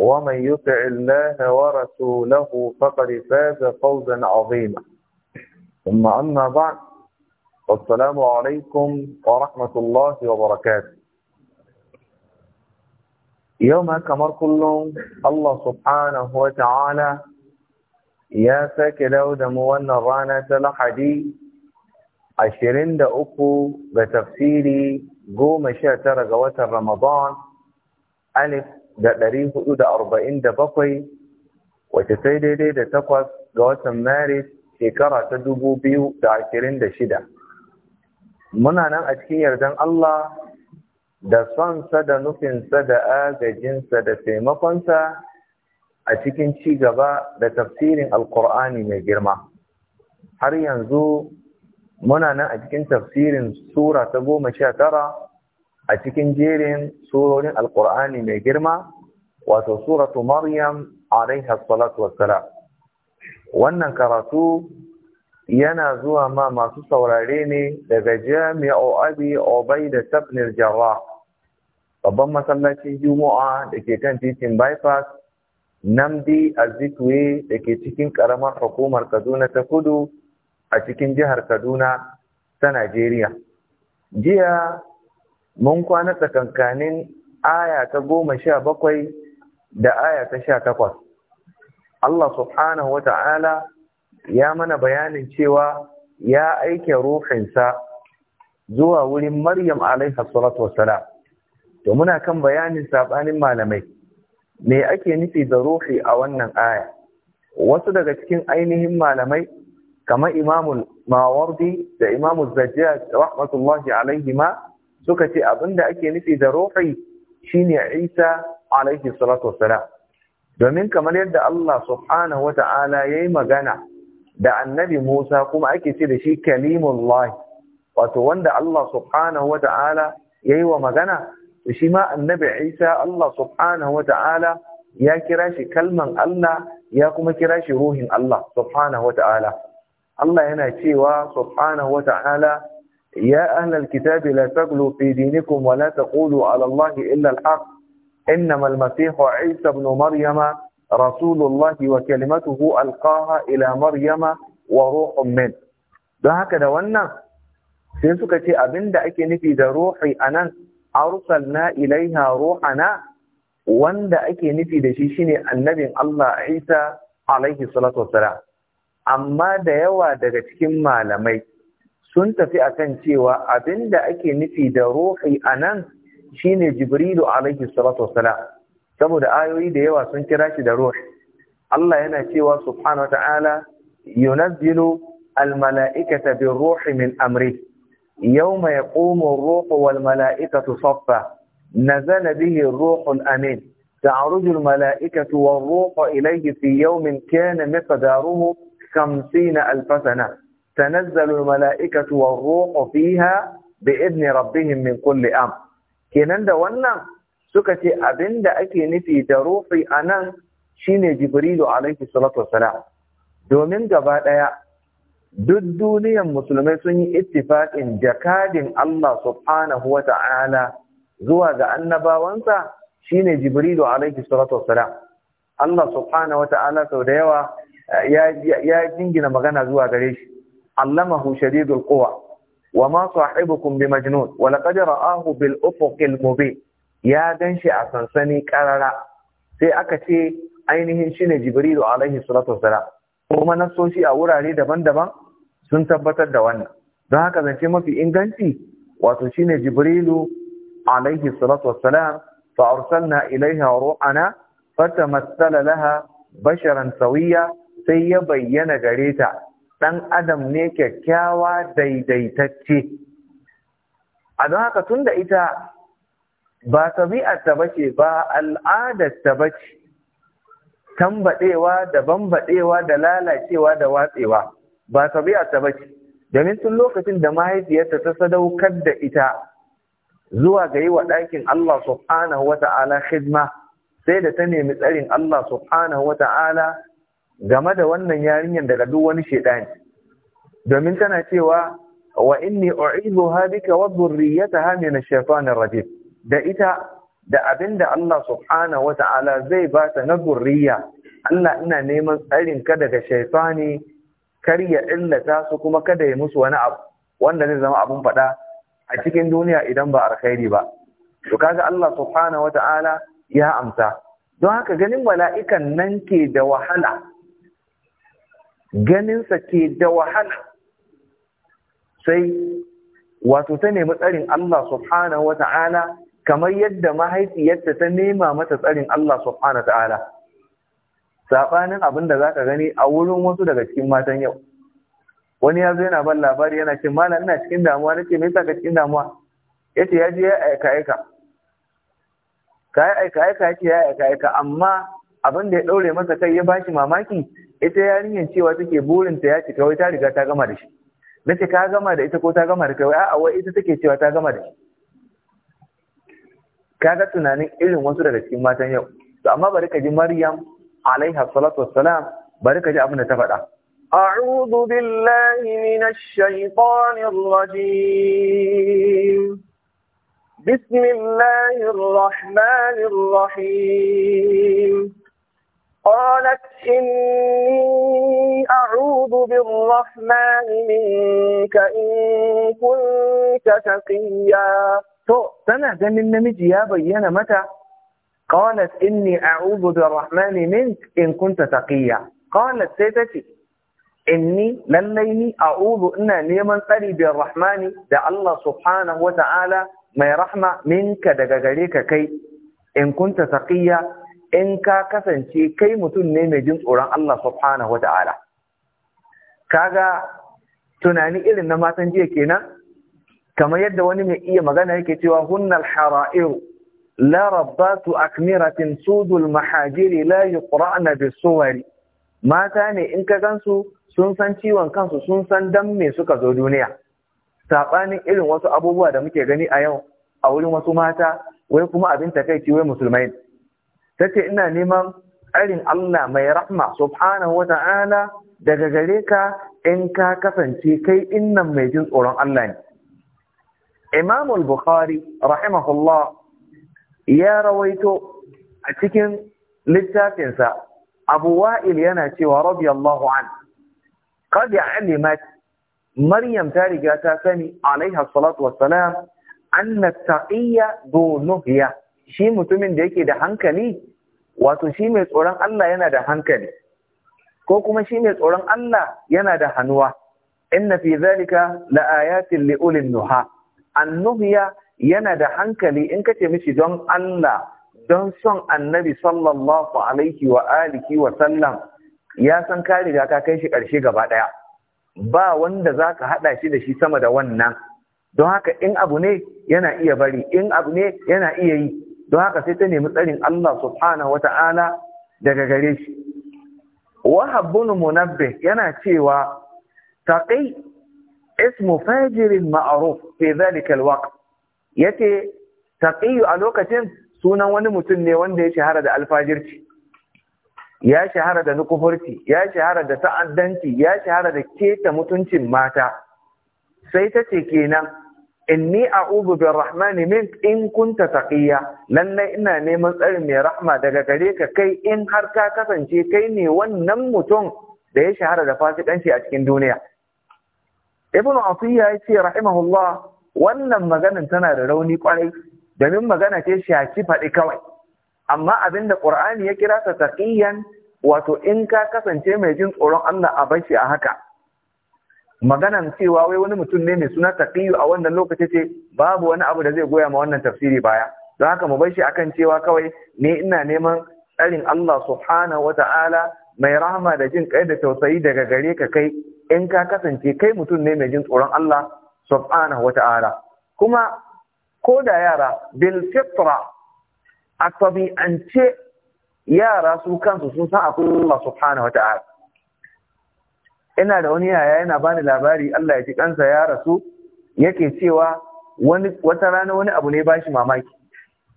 ومن يطع الله ورسوله فقد فاز فوزا عظيما ثم أما بعد والسلام عليكم ورحمة الله وبركاته يوم كمر كلهم الله سبحانه وتعالى يا ساكي داود موانا رانا تلحدي عشرين دا أكو بتفسيري قوم شاتر رمضان ألف da ɗari hudu da arba'in da bakwai wace sai daidai da takwas ga watan maris shekara ta dubu biyu da ashirin da shida muna nan a cikin yardan Allah da sonsa da nufinsa da agajinsa da taimakonsa a cikin ci gaba da tafsirin alkur'ani mai girma har yanzu muna nan a cikin tafsirin sura ta goma sha tara a cikin jerin surorin alkur'ani mai girma wato suratu maryam rai salatu wasala wannan karatu yana zuwa ma masu saurare ne daga jami'u abi da ibn jarrah babban masallacin juma'a da ke kan titin bypass namdi azikwe da ke cikin karamar hukumar kaduna ta kudu a cikin jihar kaduna ta najeriya jiya mun kwana tsakankanin aya ta goma sha bakwai da aya ta sha takwas Allah subhanahu wa ta'ala ya mana bayanin cewa ya aike ruhinsa zuwa wurin Maryam alaihi salatu wassalam to muna kan bayanin saɓanin malamai me ake nufi da ruhi a wannan aya wasu daga cikin ainihin malamai kamar Imamul Mawardi da Imamul Zajjaj rahmatullahi alaihi ma suka ce abinda ake nufi da ruhi shine Isa alaihi salatu wassalam domin kamar yadda Allah subhanahu wata'ala yayi magana da annabi Musa kuma ake ce da shi kalimullah wato wanda Allah subhanahu wata'ala yayi wa magana shi ma annabi Isa Allah subhanahu wata'ala ya kira shi kalman Allah ya kuma kira shi ruhin Allah subhanahu wata'ala Allah yana cewa subhanahu wata'ala يا أهل الكتاب لا تغلوا في دينكم ولا تقولوا على الله إلا الحق إنما المسيح عيسى بن مريم رسول الله وكلمته ألقاها إلى مريم وروح منه don haka da wannan sai suka ce abinda ake nufi da ruhi anan arsalna ilaiha ruhana wanda ake nufi da shi shine annabin Allah Isa alaihi salatu wassalam amma da yawa daga cikin malamai sun tafi akan cewa abinda ake nufi da ruhi anan shine Jibrilu alaihi salatu wassalam saboda ayoyi da yawa sun kira shi da ruhi Allah yana cewa subhanahu wataala yunazzilu almala'ikata birruhi min amri yawma yaqumu ar-ruhu wal mala'ikatu saffa nazala bihi ar-ruhu al-amin تعرج الملائكة والروح إليه في يوم كان مقداره خمسين ألف سنة tanazzalu mala'ikatu war ruhu fiha bi idni rabbihim min kulli am kenan da wannan suka ce abinda ake nufi da rufi ruhi anan shine jibrilu alaihi salatu wassalam domin gaba ɗaya, duk duniyan musulmai sun yi ittifaqin jakadin Allah subhanahu wa ta'ala zuwa ga annabawansa shine Jibrilu alaihi salatu wassalam Allah subhanahu wa ta'ala sau da yawa ya jingina magana zuwa gare shi allamahu shadidul quwa wa ma sahibukum bimajnun Majnun, laqad ra'ahu bil ufuqil mubin ya ganshi a sansani ƙarara, sai aka ce ainihin shine jibrilu alaihi salatu wassalam kuma nasoshi a wurare daban-daban sun tabbatar da wannan don haka zance mafi inganci wato shine jibrilu alaihi salatu wassalam fa arsalna ilaiha ru'ana fatamassala laha basharan sawiya sai ya bayyana gare ta ɗan adam ne kyakkyawa daidaitacce a don haka tun da ita ba tabi'arta ba ce ba al'adarta ba ce tambaɗewa da bambaɗewa da lalacewa da watsewa ba tabi'arta ba ce domin tun lokacin da mahaifiyarta ta sadaukar da ita zuwa ga yi wa ɗakin Allah subhanahu wa ta'ala hidma sai da ta nemi tsarin Allah subhanahu wa ta'ala game da wannan yarinyar daga duk wani shedani domin tana cewa wa inni u'idhuha bika wa dhurriyyataha min ash-shaytanir rajim da ita da abinda Allah subhanahu wa ta'ala zai ba ta na dhurriya Allah ina neman tsarin ka daga shaytani kar ya illata su kuma kada ya musu wani abu wanda zai zama abun fada a cikin duniya idan ba alkhairi ba to kaga Allah subhanahu wa ta'ala ya amsa don haka ganin mala'ikan nan ke da wahala ganinsa ke da wahala sai wato ta nemi tsarin Allah subhanahu wa ta'ala kamar yadda mahaifiyarta ta nema mata tsarin Allah subhanahu wa ta'ala saɓanin abin da za ka gani a wurin wasu daga cikin matan yau wani ya zo yana ban labari yana ce malam ina cikin damuwa nake me yasa ka cikin damuwa yace ya je ya aika aika ka aika aika yace ya aika aika amma abin da ya daure masa kai ya bashi mamaki ita yarinyar cewa take burinta ya cika kawai ta riga ta gama da shi na ce ka gama da ita ko ta gama da kai a'a wai ita take cewa ta gama da shi kaga tunanin irin wasu daga cikin matan yau to amma bari ka ji maryam alaiha salatu wassalam bari ka ji abin da ta faɗa a'udhu billahi minash shaitanir rajim بسم الله الرحمن الرحيم قالت إني أعوذ بالرحمن منك إن كنت تقيا تو سنة دم النمج يا بيانا متى قالت إني أعوذ بالرحمن منك إن كنت تقيا قالت سيدتي إني لليني أعوذ إنا نيمن قلي بالرحمن دع الله سبحانه وتعالى ما يرحمه منك دقاليك كي إن كنت تقيا in ka kasance kai mutum ne mai jin tsoron Allah subhanahu wata'ala ga tunani irin na matan jiya kenan kamar yadda wani mai iya magana yake cewa hunnal hara'iru la rabbatu akmiratin sudul mahajiri la yuqra'na bisuwari mata ne in ka gansu sun san ciwon kansu sun san dan me suka zo duniya sabanin irin wasu abubuwa da muke gani a yau a wurin wasu mata wai kuma abin takaici wai musulmai tace ina neman arin Allah mai rahma subhanahu wa ta'ala daga gare ka in ka kasance kai innan mai jin tsoron Allah ne Imam al-Bukhari rahimahullah ya rawaito a cikin littafinsa Abu Wa'il yana cewa radiyallahu an qad alimat Maryam ta riga ta sani alaiha salatu wassalam anna taqiyya dunuhiya shi mutumin da yake da hankali wato shi mai tsoron Allah yana da hankali ko kuma shi mai tsoron Allah yana da hannuwa inna fi zalika laayatin li ulil nuha annubiya yana da hankali in kace mishi don Allah don son annabi sallallahu alaihi wa alihi wa sallam ya san ka riga ka kai shi ƙarshe gaba ɗaya ba wanda zaka ka haɗa shi da shi sama da wannan don haka in abu ne yana iya bari in abu ne yana iya yi don haka sai ta nemi tsarin Allah subhanahu wata'ala daga gare shi wahab munabbe yana cewa taqi ismu fajirin ma'ruf fi Ya ce yace taqi a lokacin sunan wani mutum ne wanda ya shahara da alfajirci ya shahara da nukufurci ya shahara da ta'addanci ya shahara da keta mutuncin mata sai ta ce kenan inni a'udhu birrahmani min in kunta taqiya lalle ina neman tsarin mai rahma daga gare ka kai in har ka kasance kai ne wannan mutum da ya shahara da fasikanci a cikin duniya ibnu asiya ya ce rahimahullah wannan maganar tana da rauni kwarai domin magana ce shaki faɗi kawai amma abinda qur'ani ya kira ta taqiyan wato in ka kasance mai jin tsoron Allah a bashi a haka maganan cewa wai wani mutum ne mai suna taqiyu a wannan lokaci ce babu wani abu da zai goya ma wannan tafsiri baya don haka mu bar shi akan cewa kawai ne ina neman tsarin Allah subhanahu wata'ala mai rahama da jin kai da tausayi daga gare ka kai in ka kasance kai mutum ne mai jin tsoron Allah subhanahu wata'ala kuma ko da yara bil fitra a tabi'ance yara su kansu sun san akwai Allah subhanahu wata'ala ina da wani yaya yana bani labari Allah ya ji kansa ya rasu yake cewa wani wata rana wani abu ne bashi mamaki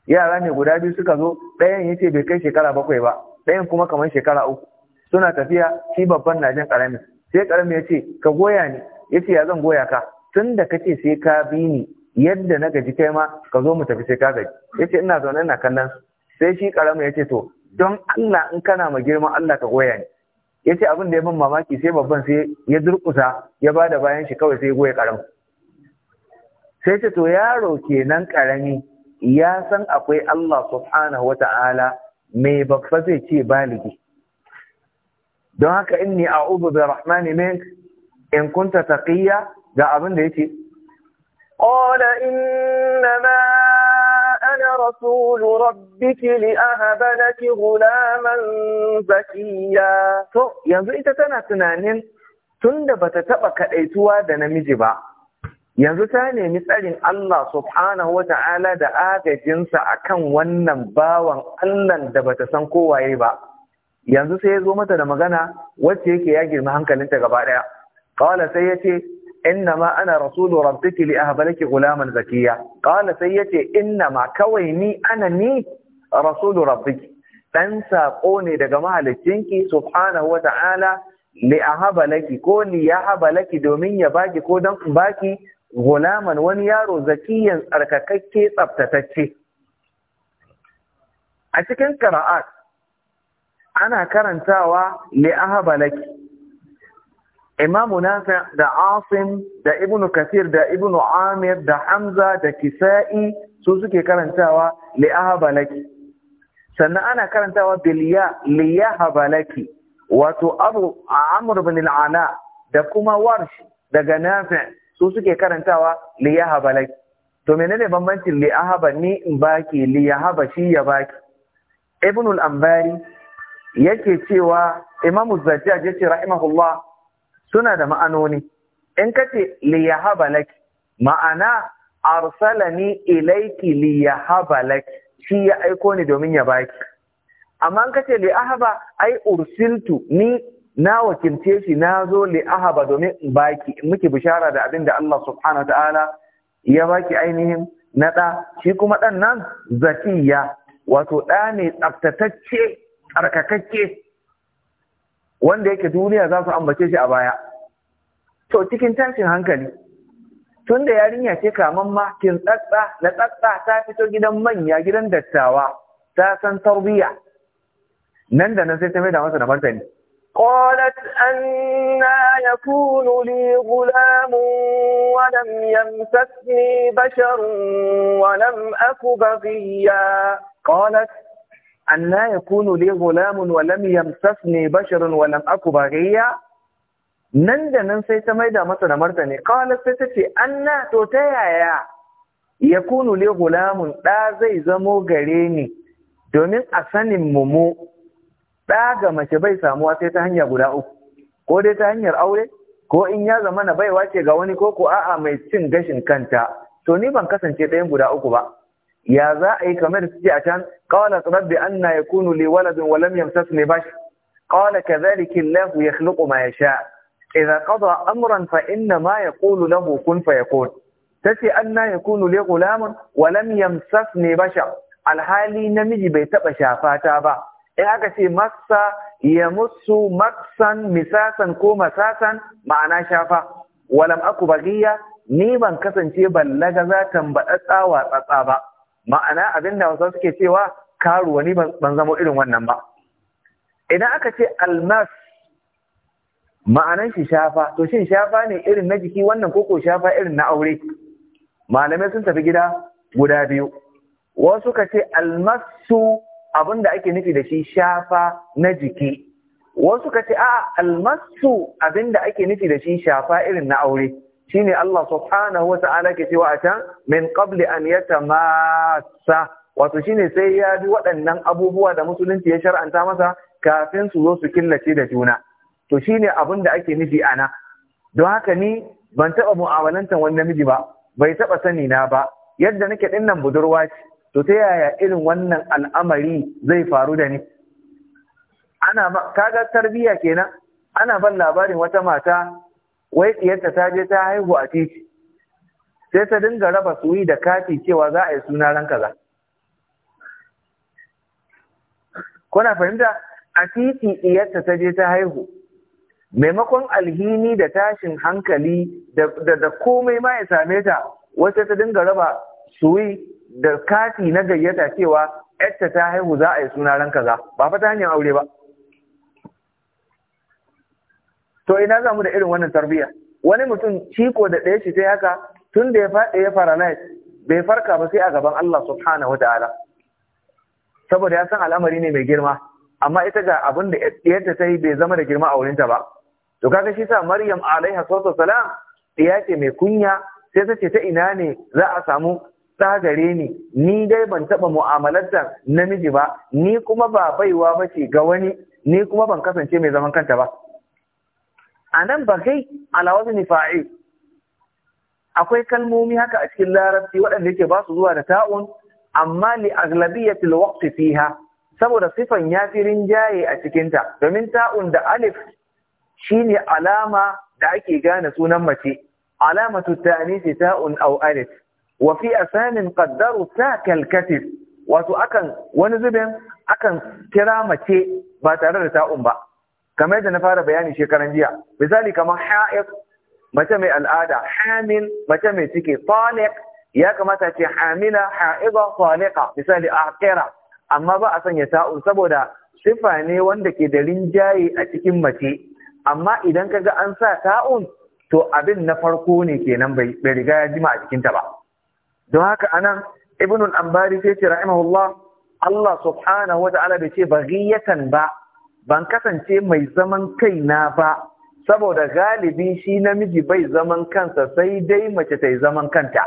yara ne guda biyu suka zo ɗayan yace bai kai shekara bakwai ba ɗayan kuma kamar shekara uku suna tafiya shi babban na jin karami sai karami ya ce ka goya ni ya ya zan goya ka tun da kace sai ka bi ni yadda na gaji kai ma ka zo mu tafi sai ka gaji ya ce ina zaune ina kallon sai shi karami ya ce to don Allah in kana ma girman Allah ka goya ni ya ce abin da ya ban mamaki sai babban sai ya durkusa ya ba da bayan shi kawai sai ya goya sai ce to yaro kenan ƙarami ya san akwai Allah subhanahu wa ta'ala mai babba zai ce baligi don haka in inni a'udhu bi rahmani mink in kunta taqiya ga abin da yake qala ma Wasu ربك bikili لك غلاما زكيا to yanzu ita tana tunanin tunda bata taɓa kaɗaituwa da namiji ba yanzu ta nemi tsarin Allah subhanahu wa ta'ala da agajinsa akan wannan bawan Allah da bata san kowaye ba yanzu sai ya zo mata da magana wacce yake ya girma hankalinta gaba ɗaya qala sai ce. innama ana rasulu rabbiki li ahbalaki gulaman zakiya qala sai yace innama kawai ni ana ni rasulu rabbiki dan sako ne daga mahaliccinki subhanahu wa ta'ala li ahbalaki ko ya yahbalaki domin ya baki ko dan baki gulaman wani yaro zakiyan tsarkakakke tsaftatacce a cikin qira'at ana karantawa li ahbalaki imamu nafi da asim da ibnu kasir da ibnu amir da hamza da kisa'i su suke karantawa li'ahabalaki sannan ana karantawa biliya liyahabalaki wato abu amr bin al'ala da kuma warsh daga nafi su suke karantawa liyahabalaki to menene bambancin li'ahaba ni in baki liyahaba shi ya baki ibnu al-ambari yake cewa imamu zajjaj yace rahimahullah suna da ma'anoni in kace ce liyahabalaki, ma'ana arsalani ni li yahaba laki shi ya aiko ni domin ya baki amma in kace ce liyahaba ai ursiltu ni na wakilce shi na zo liyahaba domin in baki in miki bishara da abin da Allah subhanahu ta'ala ya baki ainihin na ɗa shi kuma ɗan nan Zafiya. wato ɗa ne tsaftatacce tsarkakakke wanda yake duniya za su ambace shi a baya to cikin tashin hankali tun da yarinya ce kaman ma kin tsatsa na tsatsa ta fito gidan manya gidan dattawa ta san tarbiyya nan da nan sai ta mai da masa da martani قالت أنا يكون لي غلام ولم يمسسني بشر ولم أك بغيا قالت anna kunu li gulamun wa lam yamsasni basharun wa lam aku baghiya nan da nan sai ta maida masa da martani kawai sai ta ce anna to ta yaya Ya kunu li gulamun da zai zamo gare ni domin a sanin mu mu da ga mace bai samuwa sai ta hanya guda uku ko dai ta hanyar aure ko in ya zama na baiwa ce ga wani ko ko a'a mai cin gashin kanta to ni ban kasance ɗayan guda uku ba يا ذائي كمير تجعشان قالت ربي أن يكون لي ولد ولم يمسسني بشر قال كذلك الله يخلق ما يشاء إذا قضى أمرا فإنما يقول له كن فيكون تسي أن يكون لي غلام ولم يمسسني بشر على الحالي نمج بيتب شافاتابا إذا إيه سي مصا يمس مقصا مساسا كو مساسا معنا شافا ولم أكو بغية نيبا كسن شيبا لغزا تنبأتا وأتأتا ma'ana abin da wasu suke cewa karuwa ni ban zama irin wannan ba idan aka ce almas ma'anan shi shafa to shin shafa ne irin na jiki wannan koko shafa irin na aure malamai sun tafi gida guda biyu wasu ka ce almasu abin da ake nufi da shi shafa na jiki wasu ka ce a almasu abin da ake nufi da shi shafa irin na aure Shi ne Allah subhanahu wa ta'ala ke cewa a can min ƙabli an yatamassa wato ne sai ya bi waɗannan abubuwa da musulunci ya shar'anta masa kafin su zo su killace da juna to ne abin da ake nufi ana don haka ni ban taɓa mu'amalantar wani namiji ba bai taɓa sani na ba yadda nake ɗinnan budurwa ce to ta yaya irin wannan al'amari zai faru da ni ana kaga tarbiyya kenan ana ban labarin wata mata wai ɗiyarta ta je ta haihu a titi sai ta dinga raba suyi da kati cewa za a yi suna ran kaza kuna fahimta a titi ɗiyarta ta je ta haihu maimakon alhini da tashin hankali da da komai ma ya same ta wata ta dinga raba suyi da kati na gayyata cewa yarta ta haihu za a yi suna ran kaza ba fa hanyar aure ba to ina za mu da irin wannan tarbiyya wani mutum ciko da ɗaya shi ta haka tun da ya faɗi ya paralyze bai farka ba sai a gaban Allah subhanahu ta'ala saboda ya san al'amari ne mai girma amma ita ga abin da ɗiyarta ta yi bai zama da girma a wurinta ba to kaga shi sa Maryam alaiha salatu salam ɗiya ce mai kunya sai ta ce ta ina ne za a samu gare ni ni dai ban taɓa mu'amalarta namiji ba ni kuma ba baiwa ba ce ga wani ni kuma ban kasance mai zaman kanta ba a nan bakai, alawazin nifa'i akwai kalmomi haka a cikin larabci waɗanda yake ba su zuwa da ta'un amma li aglabiyatil waqti fiha saboda sifan ya fi rinjaye a cikinta domin ta'un da alif shine alama da ake gane sunan mace alamatu ta'nisi ta'un aw alif wa fi asanin qaddaru ta kalkatif wato akan wani zubin akan kira mace ba tare da ta'un ba kamar yadda na fara bayani shekaran jiya misali kamar ha'iq mace mai al'ada hamil mace mai ciki taliq ya kamata ce hamila ha'iza taliqa misali aqira amma ba a sanya ta'un saboda sifa ne wanda ke da rinjaye a cikin mace amma idan kaga an sa ta'un to abin na farko ne kenan bai riga ya jima a cikinta ba don haka anan ibn al-ambari sai ce rahimahullah Allah subhanahu wa ta'ala bai ce baghiyatan ba ban kasance mai zaman kaina ba saboda galibi shi namiji bai zaman kansa sai dai mace ta yi zaman kanta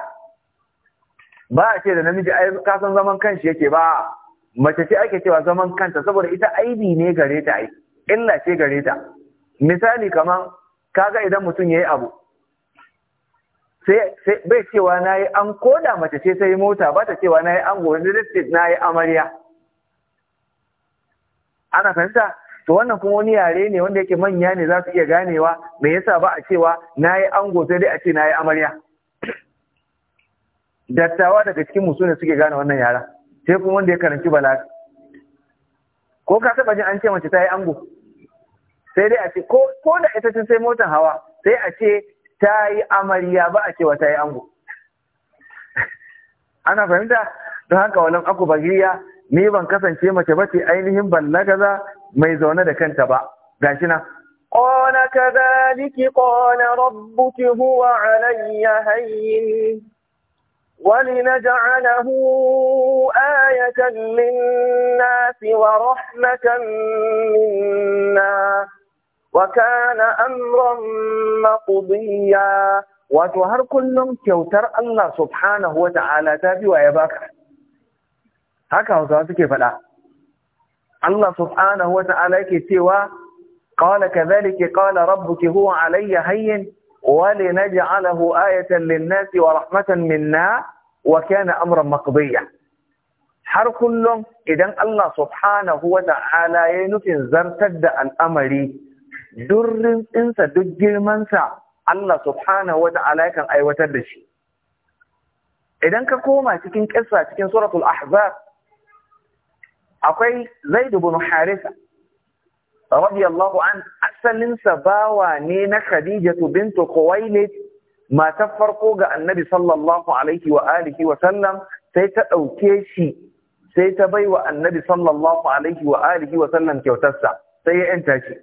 ba a ce da namiji ai kasan zaman kanshi yake ba mace ce ake cewa zaman kanta saboda ita aibi ne gare ta ai illa ce gare ta misali kaman kaga idan mutum yayi abu sai bai cewa nayi an koda mace ce ta yi mota ba ta cewa nayi an gobe na yi amarya ana fahimta to wannan kuma wani yare ne wanda yake manya ne za su iya ganewa me yasa ba a cewa nayi ango sai dai a ce nayi amarya dattawa daga cikin musu ne suke gane wannan yara sai kuma wanda ya karanci balaga ko ka taba jin an ce mace ta yi ango sai dai a ce ko da ita ce sai motar hawa sai a ce ta yi amarya ba a cewa ta yi ango ana fahimta don haka walan aku bagiriya ni ban kasance mace ba ce, ainihin ballagaza mai zaune da kanta ba, gashi na. Ƙona ka zaliki ƙona rabbuki huwa alayya hayyin, wani na ja'ana hu ayatan linna fi wa rahmatan minna, wa kana amuran maƙudiyya. Wato har kullum kyautar Allah subhanahu wa ta'ala ta biwa ya baka. Haka hausawa suke faɗa. Allah subhanahu wata'ala yake cewa qala kadhalika qala rabbuki huwa alayya hayyin wa linaj'alahu ayatan lin-nasi wa rahmatan minna wa kana amran maqdiya har kullum idan Allah subhanahu wata'ala ya nufin zartar da al'amari durrin tsinsa duk girmansa Allah subhanahu wata'ala kan aiwatar da shi idan ka koma cikin kissa cikin suratul ahzab akwai Zaidu bin Haritha radiyallahu an asalinsa bawa ne na Khadijatu bint Khuwailid matar farko ga Annabi sallallahu alaihi wa alihi wa sallam sai ta dauke shi sai ta baiwa Annabi sallallahu alaihi wa alihi wa sallam kyautarsa sai ya yanta shi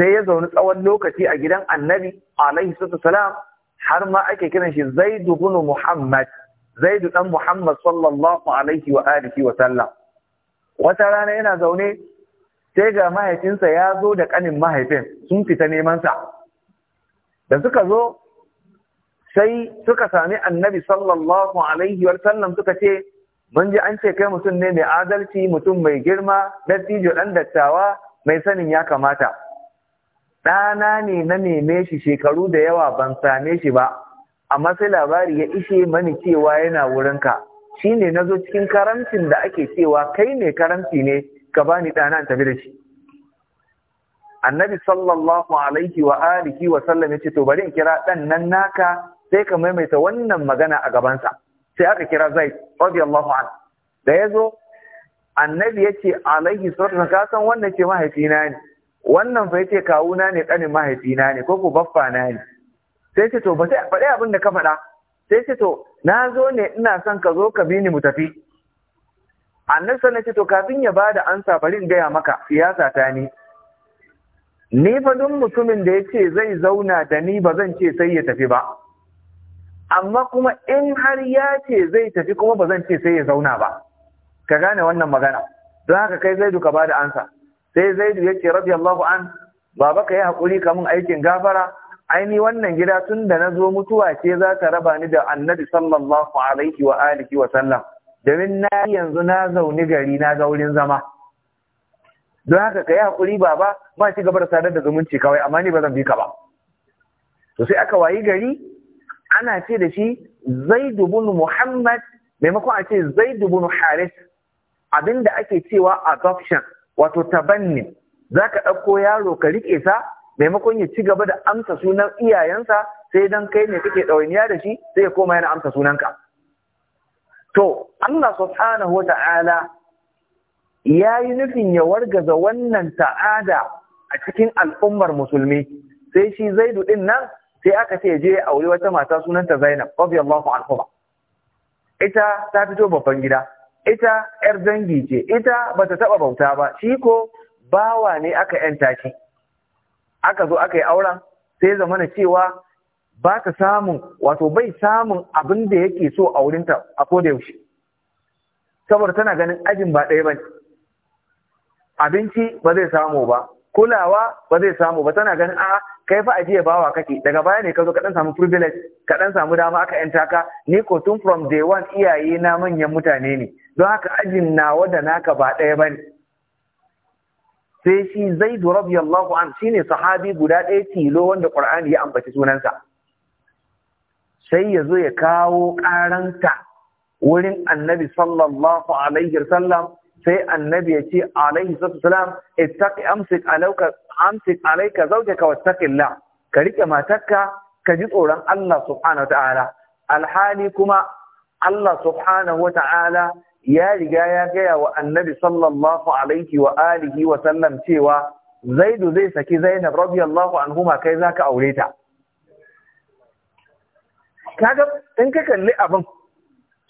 sai ya zaune tsawon lokaci a gidan Annabi alaihi Sallam har ma ake kiran shi Zaidu bin Muhammad Zaidu dan Muhammad sallallahu alaihi wa alihi wa sallam wata rana yana zaune sai ga mahaifinsa ya zo da ƙanin mahaifin sun fita nemansa da suka zo sai suka sami annabi sallallahu alaihi wa sallam suka ce mun ji an ce kai mutum ne mai adalci mutum mai girma dattijo ɗan dattawa mai sanin ya kamata ɗana ne na neme shi shekaru da yawa ban same shi ba amma sai labari ya ishe mani cewa yana wurinka Shi na nazo cikin karancin da ake cewa kai ne karanci ne ka bani ɗana in tafi da shi annabi sallallahu alaihi wa alihi wa sallam ce to bari in kira dan nan naka sai ka maimaita wannan magana a gabansa sai aka kira zai radiyallahu anhu da ya zo annabi yace alaihi sallallahu ka san wannan ce mahaifina ne wannan fa ce kawuna ne kanin mahaifina ne ko ku baffa na ne sai ce to ba sai faɗi abin da ka faɗa sai ce to na zo ne ina son ka zo ka bi ni mu tafi annabi sallallahu ce to kafin ya bada ansa bari in gaya maka siyasa ta ni ni fa duk mutumin da yace zai zauna da ni ba zan ce sai ya tafi ba amma kuma in har ya ce zai tafi kuma ba zan ce sai ya zauna ba ka gane wannan magana don haka kai zaidu ka bada ansa sai zaidu yace radiyallahu an baba ka yi hakuri ka mun aikin gafara aini wannan gida tun da na zo mutuwa ce za ta raba ni da annabi sallallahu alaihi wa alihi wa sallam domin na yanzu na zaune gari na ga wurin zama don haka ka yi hakuri baba ba ci gaba da sadar da zumunci kawai amma ni ba zan bi ka ba to sai aka wayi gari ana ce da shi zaid ibn muhammad maimakon a ce zaid ibn haris abinda ake cewa adoption wato tabanni zaka ɗauko yaro ka riƙe sa maimakon ya ci gaba da amsa sunan iyayensa sai dan kai ne kake ɗawainiya da shi sai ya koma yana amsa sunanka to Allah subhanahu wata'ala ya yi nufin ya wargaza wannan ta'ada a cikin al'ummar musulmi sai shi zaidu din nan sai aka ce je aure wata mata sunanta Zainab radiyallahu anha ita ta fito babban gida ita ‘yar dangi ce, ita bata taɓa bauta ba, shi ko bawa ne aka ‘yanta shi, aka zo aka yi auren sai zama na cewa ba ta samun wato bai samun abin da yake so a wurinta a da yaushe saboda tana ganin ajin ba ɗaya ba abinci ba zai samu ba kulawa ba zai samu ba tana ganin a kai fa ajiye bawa kake daga baya ne ka zo ka samu privilege kaɗan samu dama aka yan taka. ni ko tun from day one iyaye na manyan mutane ne don haka ajin nawa da naka ba ɗaya bane sai shi zaidu radiyallahu an shine sahabi guda ɗaya tilo wanda qur'ani ya ambaci sunansa sai ya zo ya kawo ƙaranta wurin annabi sallallahu alaihi wasallam sai annabi ya ce alaihi wasallam ittaqi amsik alauka amsik alayka zawjaka wattaqillah ka rike matarka ka ji tsoron Allah subhanahu ta'ala, alhali kuma Allah subhanahu ta'ala. ya riga ya gaya wa annabi sallallahu alaihi wa alihi wa sallam cewa zaidu zai saki zainab radiyallahu anhuma kai zaka aure ta kaga in ka kalli abin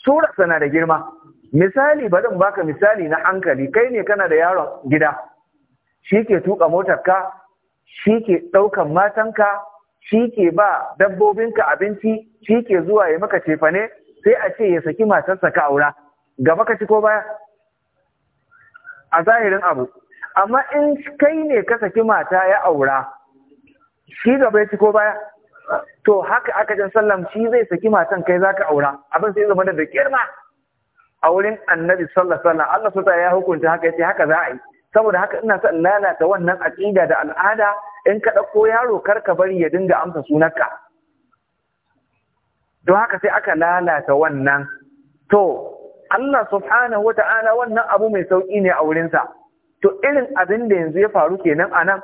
surarsa na da girma misali bari in baka misali na hankali kai ne kana da yaron gida shi ke tuka motarka shi ke ɗaukan matanka shi ke ba dabbobinka abinci shi ke zuwa ya maka cefane sai a ce ya saki matarsa ka aura gaba ka ci ko baya a zahirin abu amma in kai ne ka saki mata ya aura shi gaba ya ci ko baya to haka aka jan sallam shi zai saki matan kai za ka aura abin sai zama da kirma a wurin annabi sallallahu alaihi Allah sota ya hukunta haka yace haka za a yi saboda haka ina son lalata wannan aqida da al'ada in ka dauko yaro kar ka bari ya dinga amsa sunanka don haka sai aka lalata wannan to Allah subhanahu wata'ala wannan abu mai sauki ne a wurinsa to irin abin da yanzu ya faru kenan anan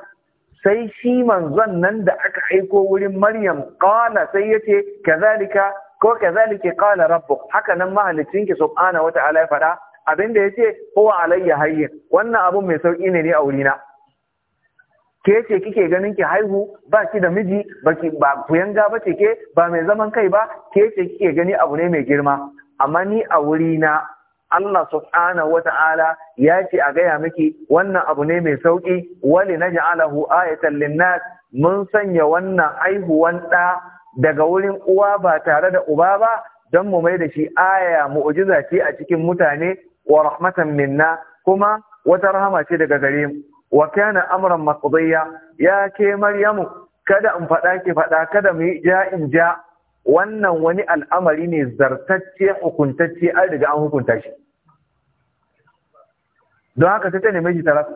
sai shi manzon nan da aka aiko wurin Maryam kala sai yace kazalika ko kazalika qala rabbuk haka nan mahallicinki subhanahu wata'ala ya faɗa abin da ko huwa alayya hayyin wannan abu mai sauki ne ne a wurina ke ce kike ganin ki haihu ba ki da miji ba ki ba kuyanga ba ce ke ba mai zaman kai ba ke ce kike gani abu ne mai girma amma ni a wurina Allah subhanahu wata'ala ya ce a gaya miki wannan abu ne mai sauƙi wali ja'alahu ayatan linnas mun sanya wannan aihuwan ɗa daga wurin uwa ba tare da uba ba don mu mai da shi aya mu'jiza ce a cikin mutane wa rahmatan minna kuma wata rahama ce daga gare mu wa kana amran maqdiya ya ke maryamu kada in faɗa ki faɗa kada mu yi ja in ja wannan wani al'amari ne zartacce hukuntacce an riga an hukunta shi don haka sai ta neme shi tarafa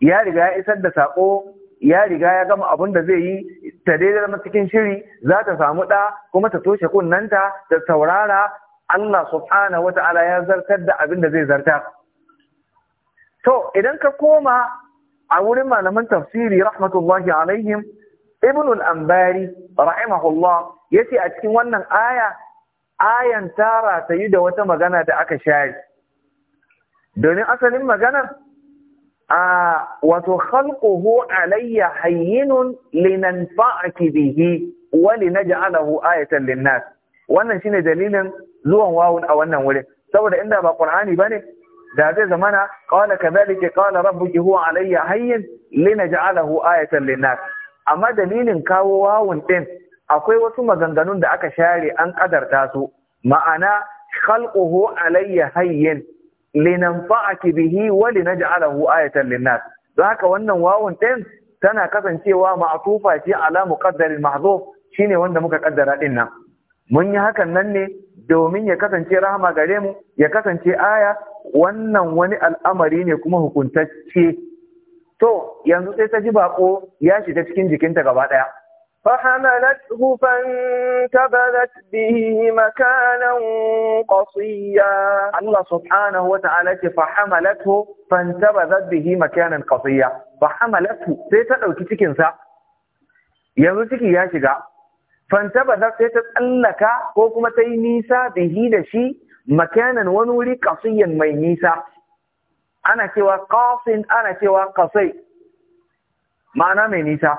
ya riga ya isar da sako ya riga ya gama abin da zai yi ta daidai zama cikin shiri za ta samu ɗa kuma ta toshe kunnanta ta saurara Allah subhanahu wa ta'ala ya zartar da abin da zai zarta to idan ka koma a wurin malaman tafsiri rahmatullahi alaihim ibn al-ambari rahimahullah yace a cikin wannan aya ayan tara ta yi da wata magana da aka share domin asalin magana, a wato khalquhu alayya hayyinun linanfa'aki bihi na linaj'alahu ayatan linnas wannan shine dalilin zuwan wawun a wannan wurin saboda inda ba qur'ani bane da zai zamana qala kadhalika qala rabbuki huwa alayya hayyin linaj'alahu ayatan linnas amma dalilin kawo wawun ɗin akwai wasu maganganun da aka share an ƙadarta su ma'ana khalquhu alayya hayyin linanfa'aki bihi wa linaj'alahu ayatan linnas haka wannan wawun ɗin tana kasancewa ma'atufa ce ala muqaddaril mahzuf shine wanda muka kaddara din nan mun yi hakan nan ne domin ya kasance rahama gare mu ya kasance aya wannan wani al'amari ne kuma hukuntacce to yanzu sai ta ji bako ya shiga cikin jikinta gaba ɗaya. فحملته فانتبذت به مكانا قصيا الله سبحانه وتعالى فحملته فانتبذت به مكانا قصيا فحملته sai ta ɗauki cikinsa yanzu ciki ya shiga fantabazat sai ta tsallaka ko kuma ta yi nisa bihi da shi makanan wani wuri qasiyan mai nisa ana cewa qasin ana cewa qasai ma'ana mai nisa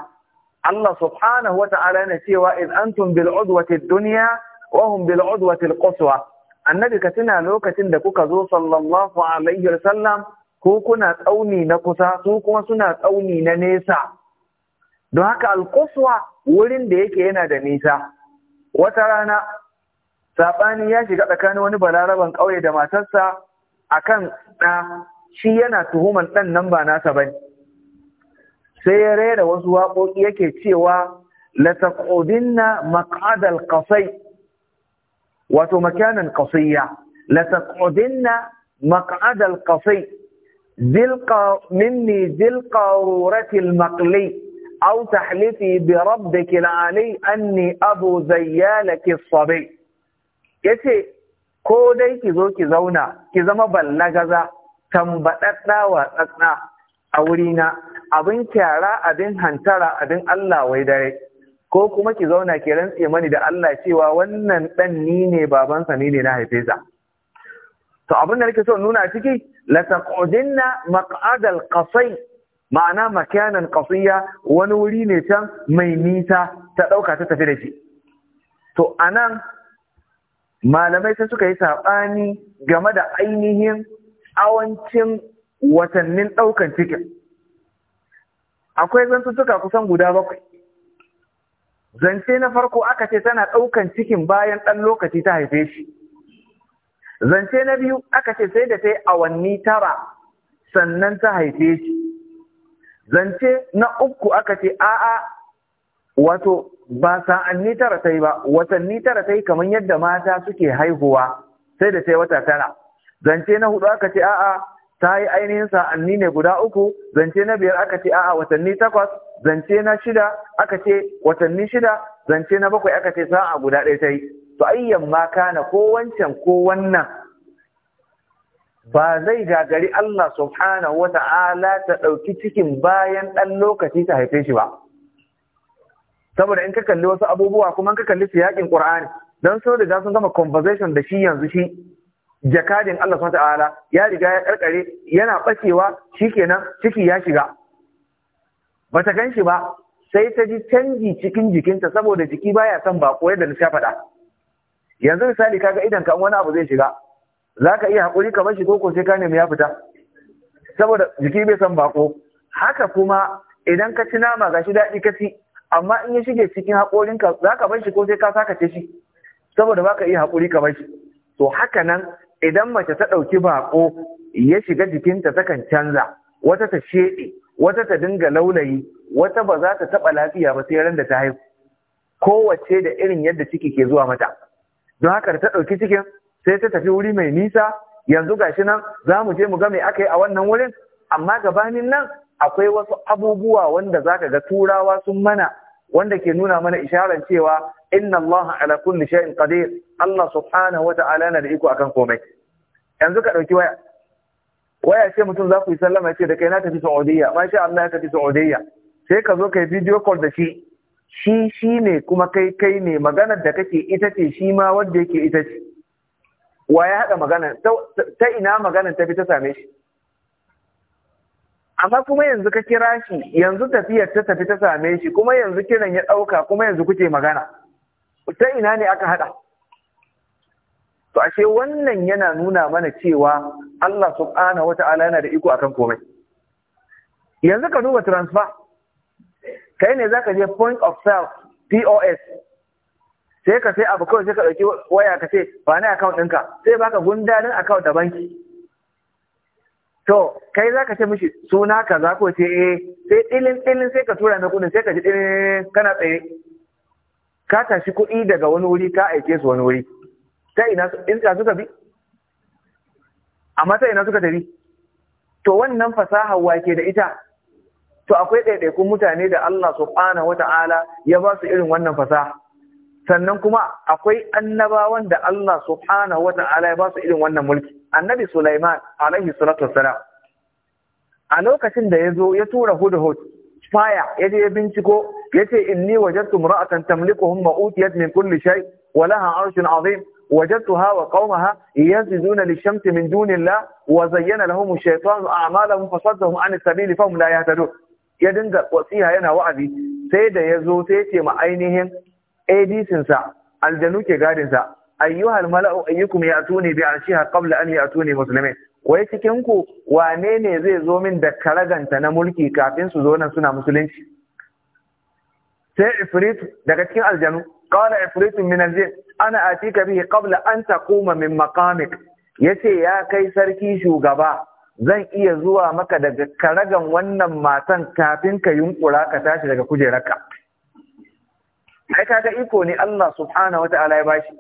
Allah subhanahu Ta'ala yana cewa in antum bil udwati ad-dunya wa hum bil udwati quswa annabi ka tuna lokacin da kuka zo sallallahu alaihi wasallam ko kuna tsauni na kusa su kuma suna tsauni na nesa don haka alkuswa wurin da yake yana da nisa wata rana saɓani ya shiga tsakanin wani balaraban ƙauye da matarsa akan ɗa shi yana tuhuman ɗan nan ba nasa ba sai ya rera wasu waƙoƙi yake cewa lataqudinna maq'adal qasai wato makanan qasiyya lataqudinna maq'adal qasai ذلقى مني ذي القارورة المقلي أو تحلفي بربك العلي أني أبو زيالك الصبي yace ko dai ki zo ki zauna ki zama ballagaza tambaɗaɗɗa tsatsa a wurina abin kyara abin hantara abin Allah wai dare ko kuma ki zauna ki rantse mani da Allah cewa wannan ɗan ni ne babansa ni ne na haife sa to abin da nake so nuna ciki la taqudinna maq'adal qasai ma'ana makanan qasiya wani wuri ne can mai nisa ta ɗauka ta tafi da shi to anan malamai sai suka yi saɓani game da ainihin awancin watannin ɗaukan cikin akwai zantuttuka kusan guda bakwai zance na farko aka ce tana ɗaukan cikin bayan ɗan lokaci ta haife shi zance na biyu aka ce sai da ta awanni tara sannan ta haife shi zance na uku aka ce a'a wato ba sa'anni tara ta yi ba watanni tara ta yi kamar yadda mata suke haihuwa sai da ta yi wata tara zance na hudu aka ce a'a ta yi ainihin sa'anni ne guda uku zance na biyar aka ce a'a watanni takwas zance na shida aka ce watanni shida zance na bakwai aka ce sa'a guda ɗaya ta yi to ayyan ma kana ko wancan ko wannan ba zai gagari Allah subhanahu wata'ala ta ɗauki cikin bayan ɗan lokaci ta haife shi ba saboda in ka kalli wasu abubuwa kuma in ka kalli siyaƙin Qur'ani dan sun riga sun gama conversation da shi yanzu shi jakadin Allah subhanahu ta'ala ya riga ya karkare yana bacewa shikenan ciki ya shiga bata gan shi ba sai ta ji canji cikin jikinta saboda jiki baya son bako yadda na sha faɗa yanzu misali kaga idan ka wani abu zai shiga zaka iya hakuri ka bashi koko sai ka nemi ya fita saboda jiki bai son bako haka kuma idan ka ci nama gashi daɗi ka ci amma in ya shige cikin haƙorinka zaka bar shi ko sai ka saka ce shi saboda baka iya hakuri ka bashi to haka nan idan mace ta ɗauki baƙo ya shiga jikinta ta kan canza wata ta sheɗe wata ta dinga laulayi wata ba za ta taɓa lafiya ba sai ran da ta haihu kowace da irin yadda ciki ke zuwa mata don haka ta ɗauki cikin sai ta tafi wuri mai nisa yanzu gashi nan za mu je mu ga mai aka yi a wannan wurin amma gabanin nan akwai wasu abubuwa wanda za ka ga turawa sun mana wanda ke nuna mana isharar cewa inna Allah ala kulli shay'in qadir Allah subhanahu wa ta'ala na da iko akan komai yanzu ka dauki waya waya ce mutum za ku yi sallama ce da kai na tafi Saudiya sha Allah ya tafi Saudiya sai ka zo kai video call da shi shi shi ne kuma kai kai ne maganar da kake ita ce shi ma wanda yake ita ce wa ya haɗa magana? ta ina maganar ta fi ta same shi amma kuma yanzu ka kira shi yanzu tafiyar ta tafi ta same shi kuma yanzu kiran ya ɗauka kuma yanzu kuke magana ta ina ne aka hada to ashe wannan yana nuna mana cewa Allah subhanahu wata'ala yana da iko akan komai yanzu ka duba transfer kai ne zaka je point of sale POS sai ka sai abu kawai sai ka ɗauki waya ka ce ba na account ɗinka sai baka gundarin account da banki to kai za ce mishi suna ka za ko ce eh sai ɗilin ɗilin sai ka tura na kuɗin sai ka ji ɗilin eh, kana tsaye ka tashi kuɗi daga wani wuri ka aike su wani wuri ta ina in ka suka bi amma ta ina suka tafi to wannan fasaha wake da ita to akwai ɗaiɗaikun mutane da Allah subhanahu wata'ala ya ba su irin wannan fasaha sannan kuma akwai annabawan da Allah subhanahu wata'ala ya ba su irin wannan mulki annabi Sulaiman alaihi salatu wassalam a lokacin da ya zo ya tura hudhud faya ya je ya binciko ya ce inni wajadtu imra'atan tamliku wa utiyat min kulli shay wa laha arshun azim وجدتها وقومها يسجدون للشمس من دون الله وزين لهم الشيطان A malamin عن السبيل فهم لا يهتدون ya dinga wasiha yana wa'azi sai da ya zo sai ce ma ainihin sa, aljanu ke gadinsa ayyuhal mala'u ayyukum ya'tuni bi arshiha qabla an ya'tuni muslimin wai cikin ku wane ne zai zo min da karaganta na mulki kafin su zo nan suna musulunci sai ifrit daga cikin aljanu qala ifrit min aljin ana atika bihi qabla an taquma min maqamik yace ya kai sarki shugaba zan iya zuwa maka daga karagan wannan matan kafin ka yunkura ka tashi daga kujerarka ai kaga iko ne Allah subhanahu wataala ya bashi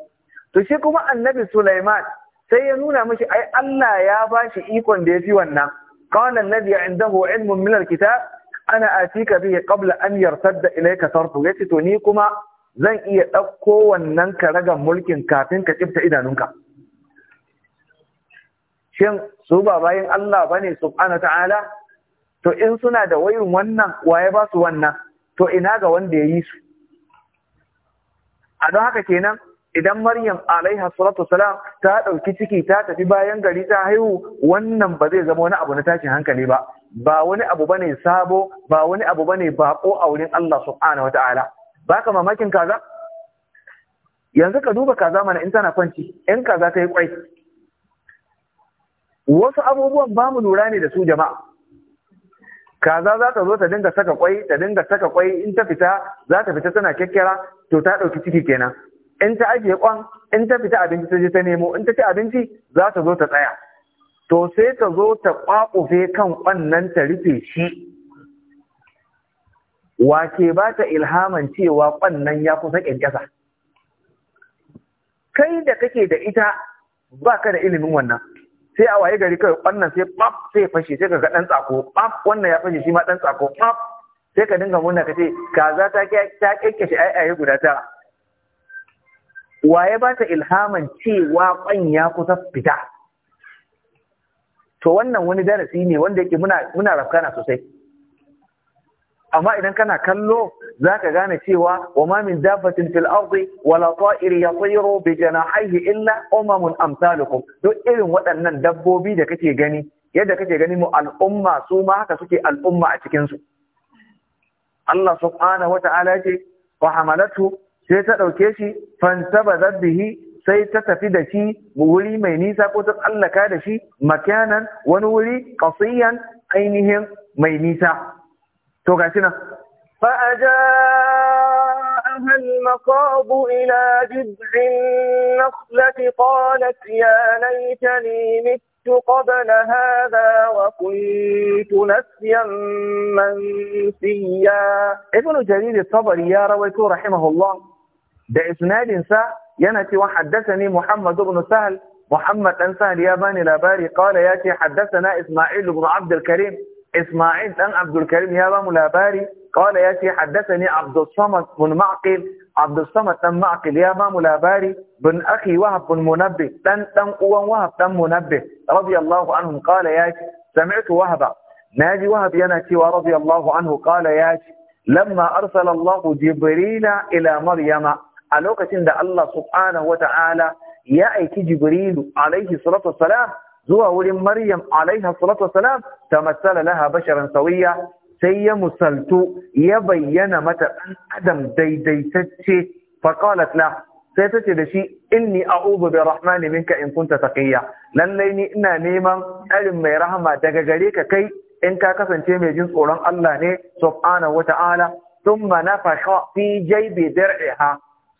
to shi kuma annabi Sulaiman sai ya nuna mashi ai Allah ya ba shi ikon da ya fi wannan ya inda ho ilmun min alkitab ana atika bi qabla an yartadda ilayka sarfu yace to ni kuma zan iya ɗauko wannan karagan mulkin kafin ka kifta idanunka shin su ba bayan Allah bane subhanahu ta'ala to in suna da wayin wannan waye ba su wannan to ina ga wanda ya yi su a don haka kenan idan Maryam alaiha salatu salam ta ɗauki ciki ta tafi bayan gari ta haihu wannan ba zai zama wani abu na tashin hankali ba ba wani abu bane sabo ba wani abu bane bako a wurin Allah subhanahu wataala baka mamakin kaza yanzu ka duba kaza mana in tana kwanci in kaza ta yi kwai wasu abubuwan ba mu lura ne da su jama'a kaza za ta zo ta dinga saka kwai ta dinga saka kwai in ta fita za ta fita tana kyakkyara to ta ɗauki ciki kenan in ta ajiye kwan in ta fita abinci ta je ta nemo in ta ci abinci za ta zo ta tsaya to sai ta zo ta kwakufe kan kwan nan ta rufe shi wace ba ta ilhaman cewa kwan nan ya kusa kyankyasa kai da kake da ita ba ka da ilimin wannan sai a waye gari kai wannan sai ɓaf sai fashe sai ka ga dan tsako ɓaf wannan ya fashe shi ma dan tsako ɓaf. sai ka dinga murna kace kaza ta ta kekkeshe ayaye guda tara ya ba ta ilhaman cewa ƙwan ya kusa fita to wannan wani darasi ne wanda yake muna muna rafkana sosai amma idan kana kallo zaka gane cewa wa ma min dabbatin fil ardi wala ta'ir yatiru bi janahihi illa umamun amsalukum duk irin waɗannan dabbobi da kake gani yadda kake gani mu al'umma su ma haka suke al'umma a cikin su Allah subhanahu wata'ala ce wa hamalatu sai ta dauke shi fansaba zabbihi sai ta tafi da shi wuri mai nisa ko ta tsallaka da shi makanan wani wuri kasiyan ainihin mai nisa to ga shi nan fa maqab ila jid'in جذع qalat ya laytani ليتني qabla hadha wa kuntu nasyan منسيا ابن جرير الطبري يا ya rawaytu rahimahullah da isnadinsa yana cewa haddasani Muhammad ibn Sahal Muhammad dan Sahal ya bani labari qala ya ce haddasana Isma'il ibn Abd al-Karim Isma'il dan Abd al-Karim ya ba mu labari qala ya ce haddasani Abd al-Samad ibn Ma'qil Abd al-Samad dan Ma'qil ya ba mu labari bin akhi Wahab ibn Munabbih dan dan uwan Wahab dan Munabbih radiyallahu anhum qala ya ce sami'tu Wahaba naji Wahab yana cewa radiyallahu anhu qala ya ce lamma arsala Allah Jibril ila Maryama a lokacin da Allah subhanahu wata'ala ya aiki Jibrilu alaihi salatu wassalam zuwa wurin Maryam alaiha salatu wassalam tamassala laha basharan sawiyya sai ya musaltu ya bayyana mata ɗan adam daidaitacce fa la sai tace da shi inni a'udhu bi rahmani minka in kunta taqiya lallai ni ina neman tsarin mai rahama daga gare ka kai in ka kasance mai jin tsoron Allah ne subhanahu wata'ala thumma nafakha fi jaybi dir'iha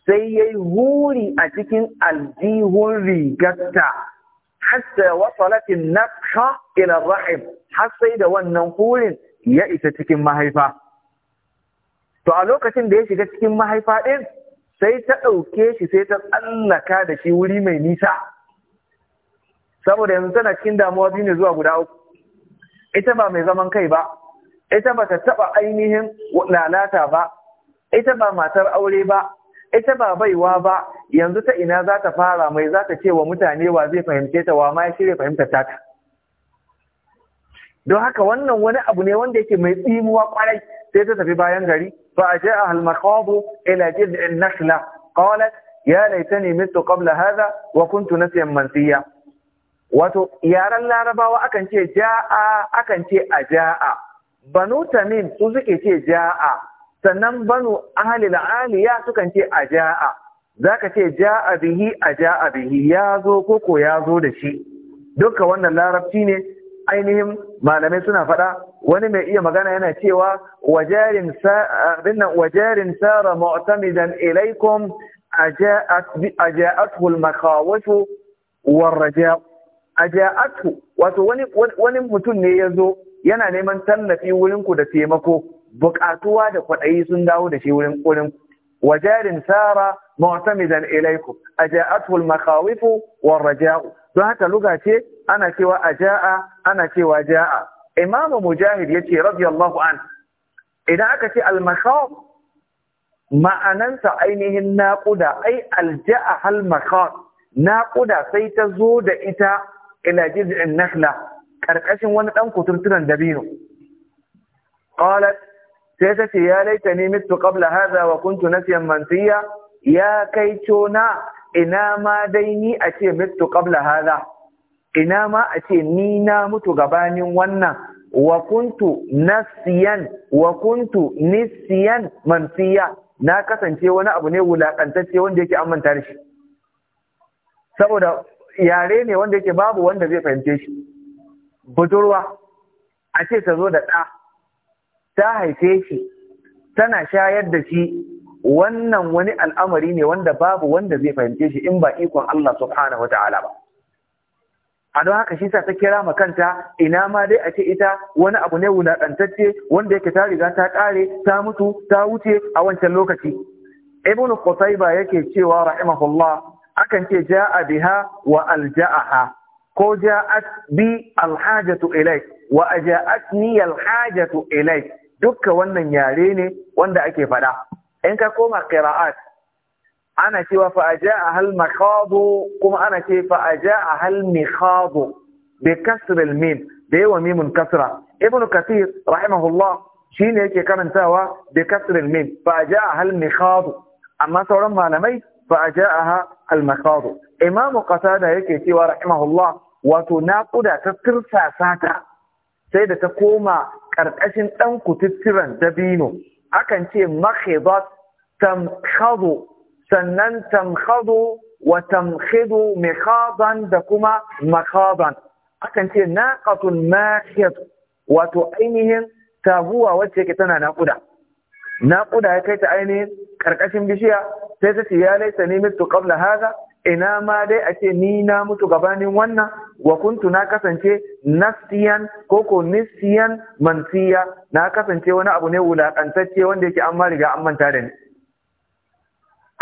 sai ya yi huri a cikin aljihun rigarta hatta wasalatin nafsha ila rahim har sai da wannan hurin ya isa cikin mahaifa to a lokacin da ya shiga cikin mahaifa ɗin sai ta ɗauke shi sai ta tsallaka da shi wuri mai nisa saboda yanzu tana cikin damuwa biyu ne zuwa guda uku ita ba mai zaman kai ba ita ba ta taɓa ainihin lalata ba ita ba matar aure ba ita ba baiwa ba yanzu ta ina za ta fara mai za ta ce wa mutane wa zai fahimce ta wa ma ya shirya fahimta ta don haka wannan wani abu ne wanda yake mai tsimuwa kwarai sai ta tafi bayan gari fa ajaa al maqadu ila jid'in nakhla qalat ya laitani mitu qabla hadha wa kuntu nasiyan mansiya wato yaran larabawa akan ce ja'a akan ce a ja'a banu tamim su suke ce ja'a sannan banu ahalil aliya sukan ce a ja'a zaka ce ja'a bihi a ja'a bihi ya zo koko ya zo da shi duka wannan larabci ne ainihin malamai suna faɗa wani mai iya magana yana cewa wajarin sara mu'tamidan ilaikum aja'athu al-makhawashu war-raja' wato wani mutum ne yazo yana neman tallafi wurinku da taimako buƙatuwa da kwaɗayi sun dawo da shi wurin wurin wajarin sara mu'tamidan ilaikum aja'atu al-makhawif war raja'u don haka luga ce ana cewa aja'a ana cewa ja'a imam mujahid yace radiyallahu an idan aka ce al ma'anansa ainihin naƙuda ai alja'a hal makhawif naƙuda sai ta zo da ita ila jiz'in nakhla ƙarƙashin wani ɗan kuturturan dabino qalat sai ta ce ya laita ni mitu qabla hadha wa kuntu nasiyan mansiya ya kai cona ina ma dai ni a ce mitu qabla hadha ina ma a ce ni na mutu gabanin wannan wa kuntu nasiyan wa kuntu nisiyan mansiya na kasance wani abu ne wulakantacce wanda yake manta da shi saboda yare ne wanda yake babu wanda zai fahimce shi budurwa a ce ta zo da ɗa ta haife shi tana shayar da shi wannan wani al'amari ne wanda babu wanda zai fahimce shi in ba ikon Allah subhanahu ba a don haka shi sa ta kira ma kanta ina ma dai a ce ita wani abu ne wulaƙantacce wanda yake ta riga ta ƙare ta mutu ta wuce a wancan lokaci ibnu qutayba yake cewa rahimahullah akan ce ja'a biha wa alja'aha ko ja'at bi alhajatu ilayk wa aja'atni alhajatu ilayk dukka wannan yare ne wanda ake faɗa in ka koma qira'at ana cewa fa a hal makhadu kuma ana ce fa hal mikhadu bi kasr al mim da yawa mimun kasra ibn kathir rahimahullah shine yake karantawa bi kasr al mim fa hal mikhadu amma sauran malamai fa ajaaha al makhadu imam qatada yake cewa rahimahullah wato naquda ta tirsasa sai da ta koma ƙarƙashin ɗan kututturen dabino akan ce makhidat tamkhadu sannan tamkhadu wa tamkhidu mikhadan da kuma makhadan akan ce naqatul makhid wato ainihin taguwa wacce ke tana naƙuda naƙuda ya kai ta ainihin ƙarƙashin bishiya sai ta ce ya laisa ni mitu qabla hadha ina ma dai a ce ni na mutu gabanin wannan wa kuntu na kasance nasiyan ko ko nisiyan mansiya na kasance wani abu ne wulakantacce wanda yake an ma riga an manta da ni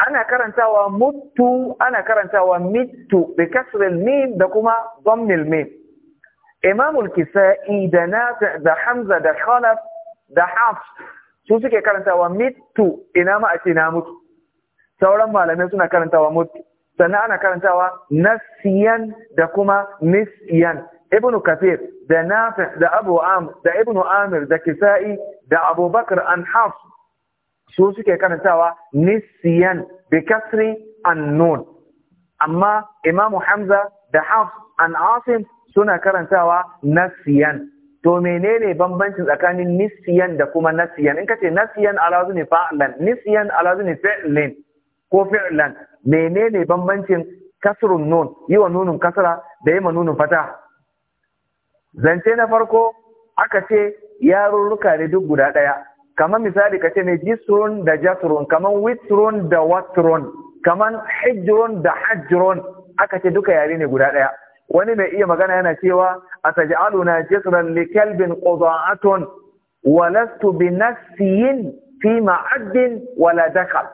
ana karantawa mutu ana karantawa mitu bi kasril mim da kuma dhammil mim imam al-kisai da nafi da hamza da khalaf da haf su suke karantawa mitu ina ma a ce na mutu sauran malamai suna karantawa mutu sannan ana karantawa nasiyan da kuma Nisiyan. ibnu kafir da nafi da abu amir da ibnu amir da kisa'i da abubakar an haf su suke karantawa Nisiyan, bi kasri an nun amma imamu hamza da haf an asim suna karantawa nasiyan to menene bambancin tsakanin Nisiyan da kuma nasiyan in ka ce nasiyan ala ne fa'lan Nisiyan ala ne fi'lin ko fi'lan menene bambancin kasrun nun yi wa nunun kasra da yi ma nunun fata zance na farko aka ce yarurruka ne duk guda ɗaya kamar misali ka ce ne jisrun da jasrun kamar witrun da watrun kamar hijrun da hajrun aka ce duka yare ne guda ɗaya wani mai iya magana yana cewa ataj'aluna jisran li kalbin quda'atun wa lastu bi nafsiyin fi ma'addin wala dakal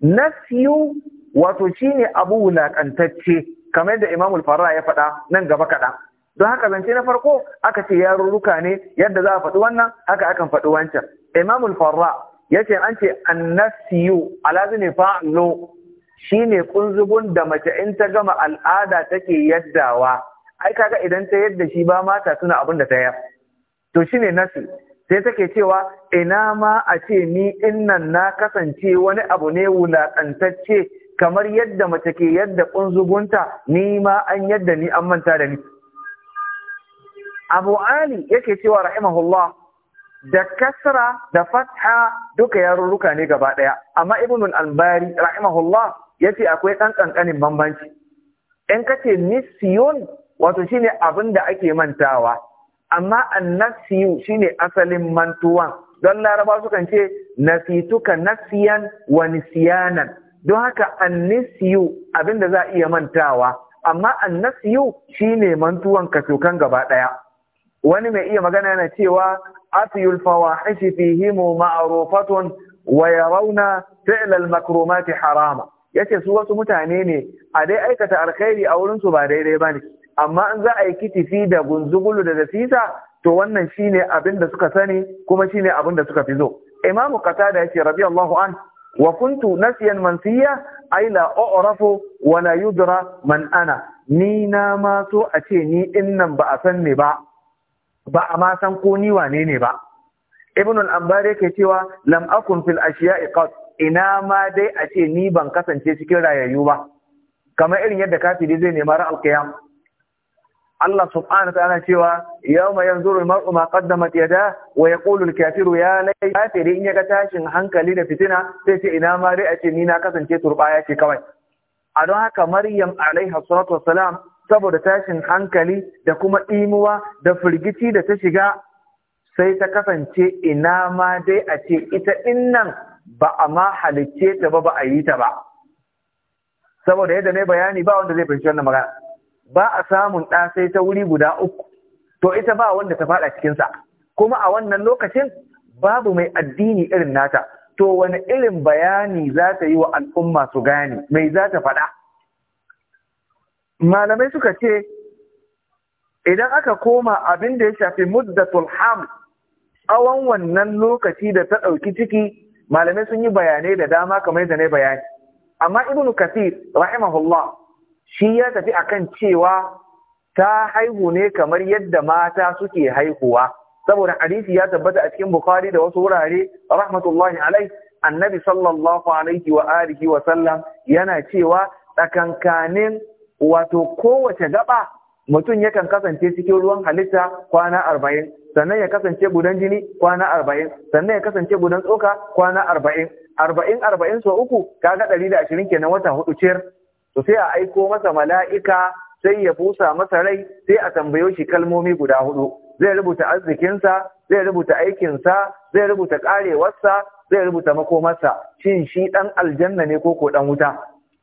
nafyu wato shine abu wulakantacce kamar da imamul farra ya faɗa nan gaba kaɗan don haka zance na farko aka ce yarurruka ne yadda za a faɗi wannan haka akan faɗi wancan imamul farra ya ce an ce annasiyu alazini fa'lo shine kunzubun da mace in ta gama al'ada take yaddawa ai kaga idan ta yadda shi ba mata suna abin da ta yi? to shine nasi sai take cewa ina ma a ce ni innan na kasance wani abu ne wulaƙantacce kamar yadda mace ke yadda ƙunzugunta ni ma an yadda ni an manta da ni abu ali yake cewa rahimahullah da kasra da fatha duka yarurruka ne gaba ɗaya amma ibn al-albari rahimahullah yace akwai ɗan ƙanƙanin bambanci in kace nisyon wato shine abin da ake mantawa amma annasiyu shine asalin mantuwan don laraba sukan ce nasituka nasiyan wani siyanan, don haka annisiyu abinda za a iya mantawa amma annasiyu shine mantuwan kasokan gaba ɗaya. wani mai iya magana yana cewa afiyul fawahishi fihimu ma'rufatun wa yarawna fi'l al-makrumati harama yace su wasu mutane ne a dai aikata alkhairi a wurinsu ba daidai bane amma in za a yi kitifi da gunzugulu da dasisa to wannan shine abin da suka sani kuma shine abin da suka fi zo imamu qatada yace radiyallahu an wa kuntu nasiyan mansiya ay la a'rafu wa la yudra man ana ni na ma so a ce ni din nan ba a san ne ba ba a ma san ko ni wane ne ba ibn al-anbar yake cewa lam akun fil ashiya'i qat ina ma dai a ce ni ban kasance cikin rayayyu ba kamar irin yadda kafiri zai nema ra'al qiyam Allah subhanahu wa ta'ala cewa yawma yanzuru al-mar'u ma qaddamat yada wa yaqulu al-kafiru ya lay kafiri in yaga tashin hankali da fitina sai ce ina ma dai a ce ni na kasance turbaya ce kawai a don haka Maryam alaiha salatu wassalam saboda tashin hankali da kuma imuwa da firgici da ta shiga sai ta kasance ina ma dai a ce ita dinnan ba a ma halicce ta ba ba a yi ta ba saboda yadda ne bayani ba wanda zai fahimci wannan magana ba a samun ɗa sai ta wuri guda uku to ita ba wanda ta faɗa cikinsa kuma a wannan lokacin babu mai addini irin nata to wani irin bayani za ta yi wa al'umma su gane mai za ta faɗa malamai suka ce idan aka koma abin da ya shafi mudda ham tsawon wannan lokaci da ta ɗauki ciki malamai sun yi bayanai da dama kamar da na bayani amma ibn kathir rahimahullah shi ya tafi a kan cewa ta haihu ne kamar yadda mata suke haihuwa saboda hadisi ya tabbata a cikin bukhari da wasu wurare rahmatullahi alai annabi sallallahu alaihi wa alihi wa sallam yana cewa tsakankanin wato kowace gaba mutum yakan kasance cikin ruwan halitta kwana arba'in sannan ya kasance gudan jini kwana arba'in sannan ya kasance gudan tsoka kwana arba'in arba'in arba'in so uku kaga ɗari da ashirin kenan wata hudu ciyar to sai a aiko masa mala'ika sai ya busa masa rai sai a tambayo shi kalmomi guda hudu zai rubuta arzikinsa zai rubuta aikinsa zai rubuta karewarsa zai rubuta makomarsa shin shi dan aljanna ne ko ko dan wuta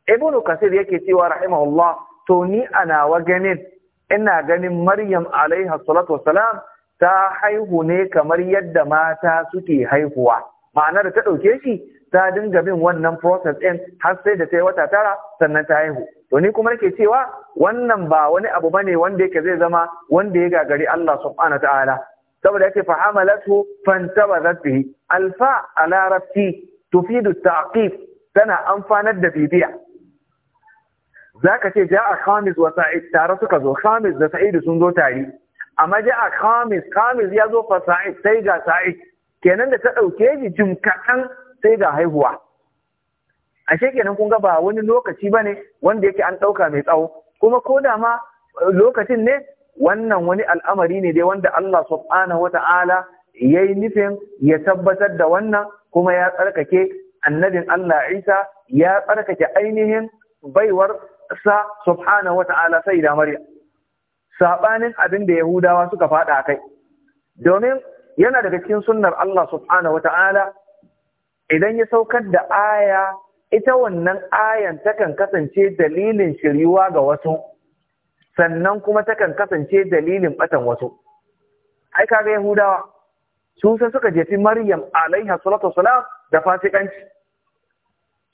ibnu kasir yake cewa rahimahullah to ni ana wa ganin ina ganin maryam alaiha salatu wassalam ta haihu ne kamar yadda mata suke haihuwa ma'ana da ta dauke shi ta dinga bin wannan process ɗin har sai da ta yi wata tara sannan ta haihu to ni kuma nake cewa wannan ba wani abu bane wanda yake zai zama wanda ya gagari Allah subhanahu ta'ala saboda yake fa hamalatu fantabazat bihi alfa ala rafi tufidu taqif tana amfanar da bibiya zaka ce ja'a khamis wa sa'id tare suka zo khamis da sa'id sun zo tare amma ja'a khamis khamis ya zo fa sa'id sai ga sa'id kenan da ta ɗauke ni jim kaɗan sai ga haihuwa ashe kenan kun ga ba wani lokaci bane wanda yake an ɗauka mai tsawo kuma ko da ma eh, lokacin ne wannan wani al'amari ne dai wanda Allah subhanahu ta'ala ya yi nufin ya tabbatar da wannan kuma ya tsarkake annabin Allah Isa ya tsarkake ainihin baiwar sa subhanahu ta'ala sai da Maryam sabanin abin da Yahudawa suka faɗa kai domin yana daga cikin sunnar Allah subhanahu ta'ala. idan ya saukar da aya ita wannan ayan takan kasance dalilin shiriwa ga wasu sannan kuma takan kasance dalilin batan wasu ai kaga yahudawa su sai suka jefi maryam alaiha salatu wasalam da fasikanci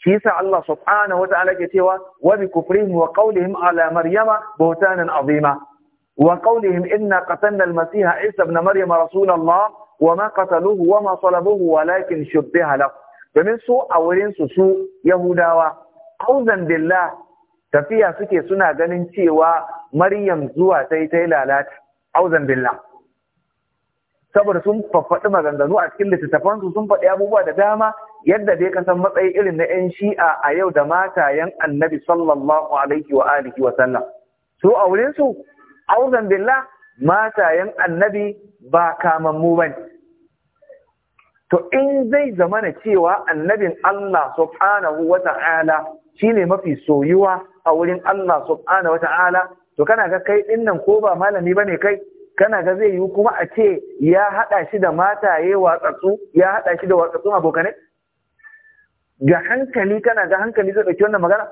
shi yasa Allah subhanahu wa ta'ala ke cewa wa bi kufrihim wa qawlihim ala maryama buhtanan azima wa qawlihim inna qatalna al-masiha isa ibn maryam Rasulallah, Allah wa ma qataluhu wa ma salabuhu walakin shubbiha lahu domin su a wurin su Yahudawa, auzan billah tafiya suke suna ganin cewa Maryam zuwa ta yi ta lalata, auzan billah. Saboda sun faɗi maganganu a cikin littattafansu sun faɗi abubuwa da dama yadda dai san matsayi irin na 'yan shi'a a yau da matayen annabi sallallahu alaihi wa alihi wa sallam. Su a wurin su, auzan billah matayen annabi ba kamammu ba to in zai zama na cewa annabin Allah subhanahu wa ta'ala shine mafi soyuwa a wurin Allah subhanahu wa ta'ala to kana ga kai din nan ko ba malami ba ne kai kana ga zai yi kuma a ce ya haɗa shi da mataye watsatsu ya haɗa shi da watsatsu abokanai ga hankali kana ga hankali zai ɗauki wannan magana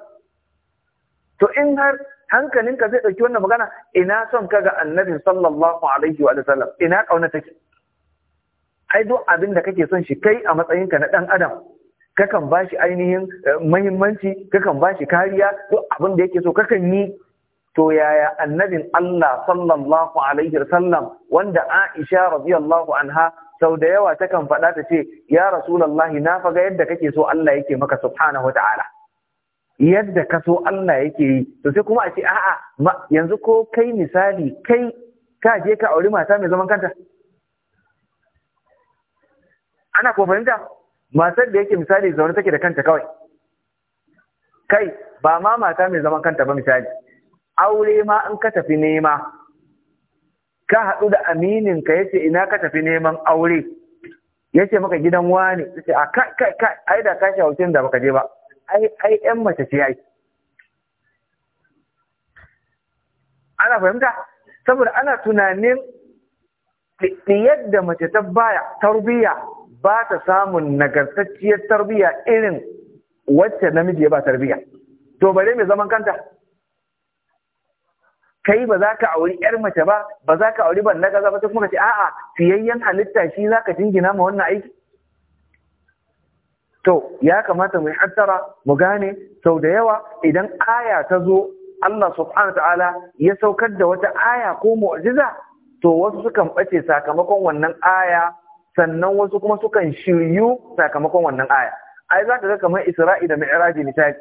to in har hankalinka zai ɗauki wannan magana ina son ka ga annabin sallallahu alaihi wa sallam ina ƙaunata take ai duk abin da kake son shi kai a matsayinka na ɗan adam kakan ba shi ainihin eh, muhimmanci, kakan ba shi kariya duk abin da yake so kakan yi to yaya annabin Allah sallallahu alaihi wasallam wanda Aisha radiyallahu anha sau da yawa takan faɗa ta ce ya rasulullahi na faga yadda kake so Allah yake maka subhanahu ta'ala yadda ka so Allah yake yi to sai kuma a ce a'a yanzu ko kai misali kai ka je ka auri mata mai zaman kanta ana ko fahimta matar da yake misali zaune take da kanta kawai kai ba ma mata mai zaman kanta ba misali aure ma in ka tafi nema ka haɗu da aminin ka yace ina ka tafi neman aure yace maka gidan wani yace a kai kai kai ai da ka shawarcin da baka je ba ai ai ɗan mace ce ai ana fahimta saboda ana tunanin yadda mace ta baya tarbiyya ba ta samun nagartacciyar tarbiyya irin wacce namiji ya ba tarbiyya to bare mai zaman kanta kai ba za ka auri yar mace ba ba za ka auri ban na gaza ba sai kuma ce a'a fiyayyen halitta shi za ka jingina ma wannan aiki to ya kamata mu hattara mu gane sau da yawa idan aya ta zo Allah subhanahu ya saukar da wata aya ko mu'jiza to wasu sukan ɓace sakamakon wannan aya sannan wasu kuma sukan shiryu sakamakon wannan aya ai za ka ga kamar isra'i da miiraji misali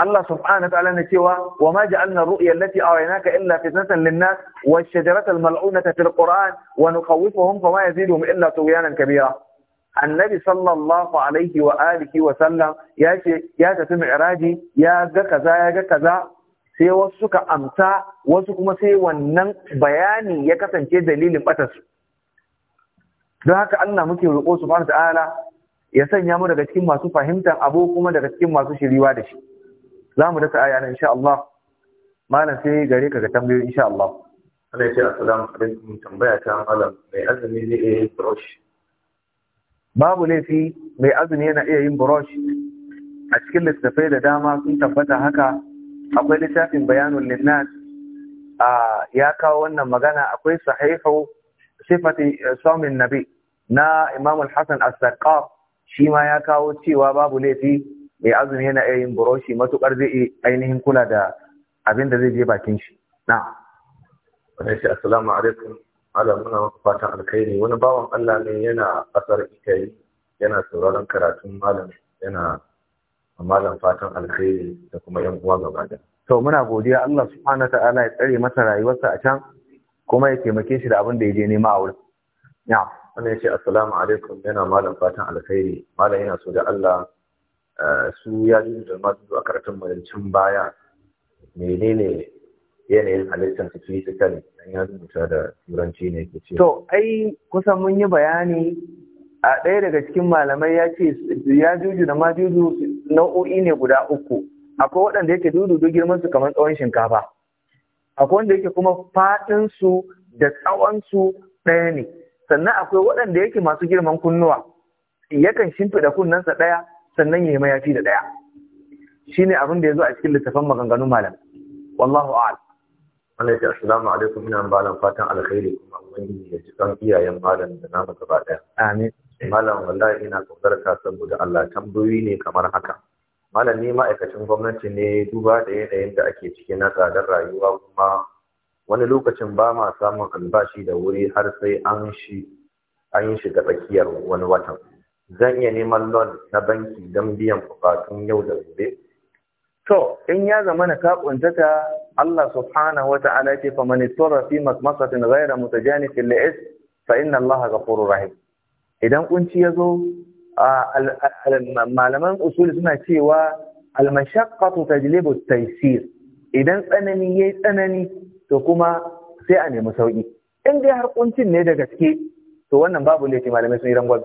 Allah subhanahu wa ta'ala na cewa wa ma ja'alna ru'ya allati araynaka illa fitnatan lin-nas wa ash-shajarata malunata fil Qur'an wa nukhawwifuhum fama yaziduhum illa tughyanan kabira Annabi sallallahu alaihi wa alihi wa sallam ya ce ya tafi mi'raji ya ga kaza ya ga kaza sai wasu suka amsa wasu kuma sai wannan bayani ya kasance dalilin batarsu don haka Allah muke roƙo subhanahu ta'ala ya sanya mu daga cikin masu fahimtar abu kuma daga cikin masu shiriwa da shi za mu dasa aya insha Allah malam sai gare ka ga tambayoyi insha Allah Allah ya ce assalamu alaikum tambaya ta malam mai azumi ne ya yin brush babu laifi mai azumi yana iya yin brush a cikin littattafai da dama sun tabbata haka akwai littafin bayanul linnas ah, ya kawo wannan magana akwai sahihu sifati eh, saumin nabi na imamul Al-Hasan as shi ma ya kawo cewa babu laifi mai azumi yana iya yin buroshi matukar zai ainihin kula da abin da zai je bakin shi na wani shi assalamu alaikum ala muna fatan alkhairi wani baban Allah ne yana kasar ikai yana sauraron karatun malam yana malam fatan alkhairi da kuma yan uwa gaba da to muna godiya Allah subhanahu wa ta'ala ya tsare masa rayuwarsa a can kuma ya taimake shi da abin da ya je nema a wurin na'am ya ce assalamu alaikum yana malam fatan alkhairi malam yana so da Allah eh, su ya ji da masu zuwa karatun madalcin baya menene yanayin halittar su physical dan ya rubuta da turanci ne ke ce to ai kusan mun yi bayani a ɗaya daga cikin malamai ya ce ya juju da ma nau'o'i ne guda uku akwai waɗanda yake dudu girman su kamar tsawon shinkafa akwai wanda yake kuma su da tsawonsu ɗaya ne sannan akwai waɗanda yake masu girman kunnuwa yakan shimfiɗa kunnensa ɗaya sannan yayi mayafi da ɗaya shi abin da ya zo a cikin littafin maganganun malam wallahu a'lam Allah ya assalamu alaikum ina malam fatan alkhairi kuma ubangiji ya ji kan iyayen malam da namu gaba ɗaya amin malam wallahi ina kokarta saboda Allah tambayoyi ne kamar haka malami ma'aikacin gwamnati ne duba da yanayin da ake ciki na tsadar rayuwa kuma wani lokacin ba ma samun albashi da wuri har sai an shi an shiga tsakiyar wani watan zan iya neman loan na banki don biyan bukatun yau da gobe to in ya zama na kakuntaka Allah subhanahu wa ta'ala ke fa mani istarra fi masmasatin ghayra mutajanifin li'is fa inna Allah ghafurur rahim idan kunci ya zo malaman usul suna cewa almashaqqatu ta at taisir idan tsanani ya yi tsanani to kuma sai a nemi sauƙi, in dai har ƙuncin ne da gaske to wannan babu laifi malamai sun yi rangwame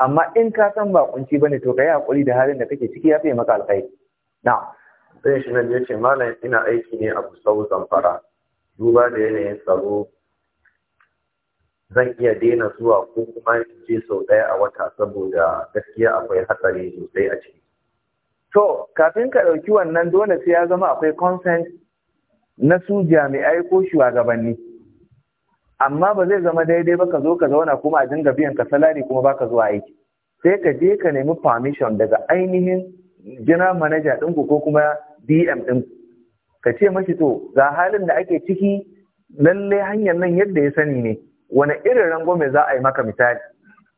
amma in ka san ba kunci bane to yi hakuri da halin da kake ciki ya fiye maka alkhairi Na sai shi ya ce malam ina aiki ne a kusa Zamfara duba da yanayin tsaro zan iya daina zuwa ko kuma in je sau ɗaya a wata saboda gaskiya akwai hatsari sosai a ciki. To, kafin ka ɗauki wannan dole sai ya zama akwai consent na su jami'ai ko shugabanni. Amma ba zai zama daidai ba ka zo ka zauna kuma a dinga biyan ka salari kuma ba ka zuwa aiki. Sai ka je ka nemi permission daga ainihin jina manaja ɗinku ko kuma DM ɗinku. Ka ce mashi to, ga halin da ake ciki lallai hanyar nan yadda ya sani ne. wani irin rangwame za a yi maka misali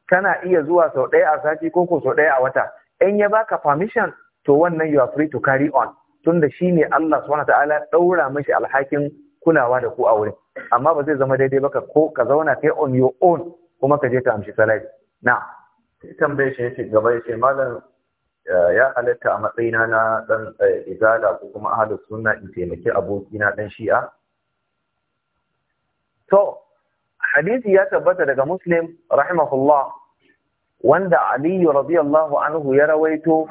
kana iya zuwa sau ɗaya a sati ko ko sau ɗaya a wata in ya baka permission to wannan you are free to carry on tunda ne Allah subhanahu ta'ala ɗaura mashi alhakin kulawa da ku a wurin amma ba zai zama daidai baka ko ka zauna kai on your own kuma ka je ka amshi salati na tambaye shi yace gaba yace malam eh, ya halatta a matsayina na dan eh, izala ko kuma ahlus sunna in taimaki abokina dan shi'a to hadisi ya tabbata daga muslim rahimahullah wanda aliyu radiyallahu anhu ya rawaito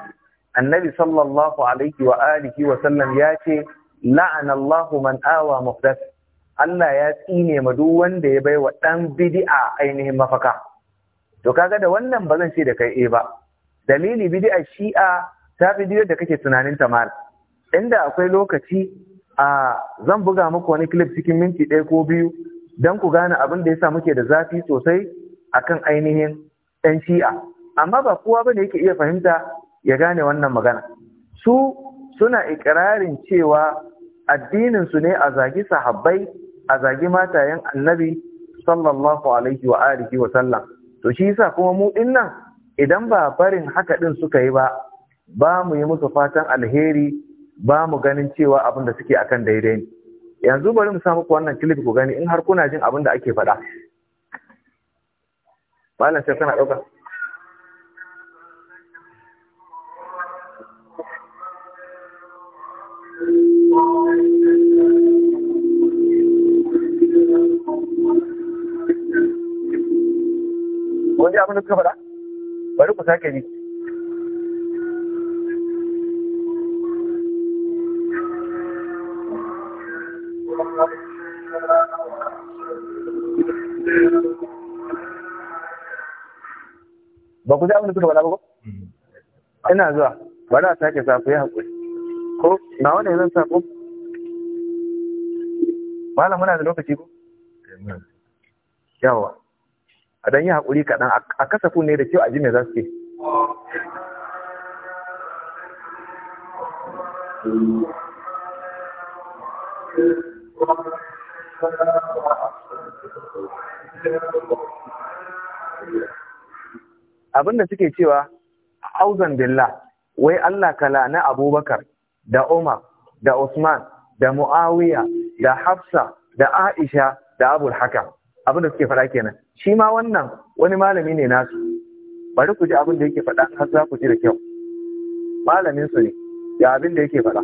annabi sallallahu alaihi wa alihi wa sallam ya ce la'anallahu man awa Allah ya tsine ma duk wanda ya bai wa dan bid'a ainihin mafaka to kaga da wannan ba zan ce da kai eh ba dalili bid'a shi'a ta fi da kake tunanin ta mal inda akwai lokaci a zan buga muku wani clip cikin minti ɗaya ko biyu don ku gane abin da ya sa muke da zafi sosai akan ainihin ɗan shi'a amma ba kowa ba ne yake iya fahimta ya gane wannan magana su suna ikirarin cewa addininsu ne a zagi sahabbai a zagi matayen annabi sallallahu alaihi wa alihi wa sallam to shi yasa kuma mu dinnan idan ba barin haka din suka yi ba ba mu yi musu fatan alheri ba mu ganin cewa abin da suke akan daidai ne yanzu bari mu sa muku wannan clip ku gani in har kuna jin abin da ake faɗa malam sai kana ɗauka Wani abin da suka faɗa? Bari ku sake ni. ba ku ji abin da suka faɗa ba ko mm-hmm. ina zuwa Ba a sake safe ya haƙuri ko na wani zan sa malam muna da lokaci ko eh, yawa a dan yi haƙuri kaɗan a kasafu ne da kyau a ji me za su ke Yeah. Mm-hmm. abin da suke cewa auzan billah wai Allah kala na Abubakar da Umar da Usman da Muawiya da Hafsa da Aisha da Abul Hakam abin da suke faɗa kenan shi ma wannan wani malami ne nasu bari ku ji abin da yake faɗa har za ku ji da kyau malamin su ne ga abin da yake faɗa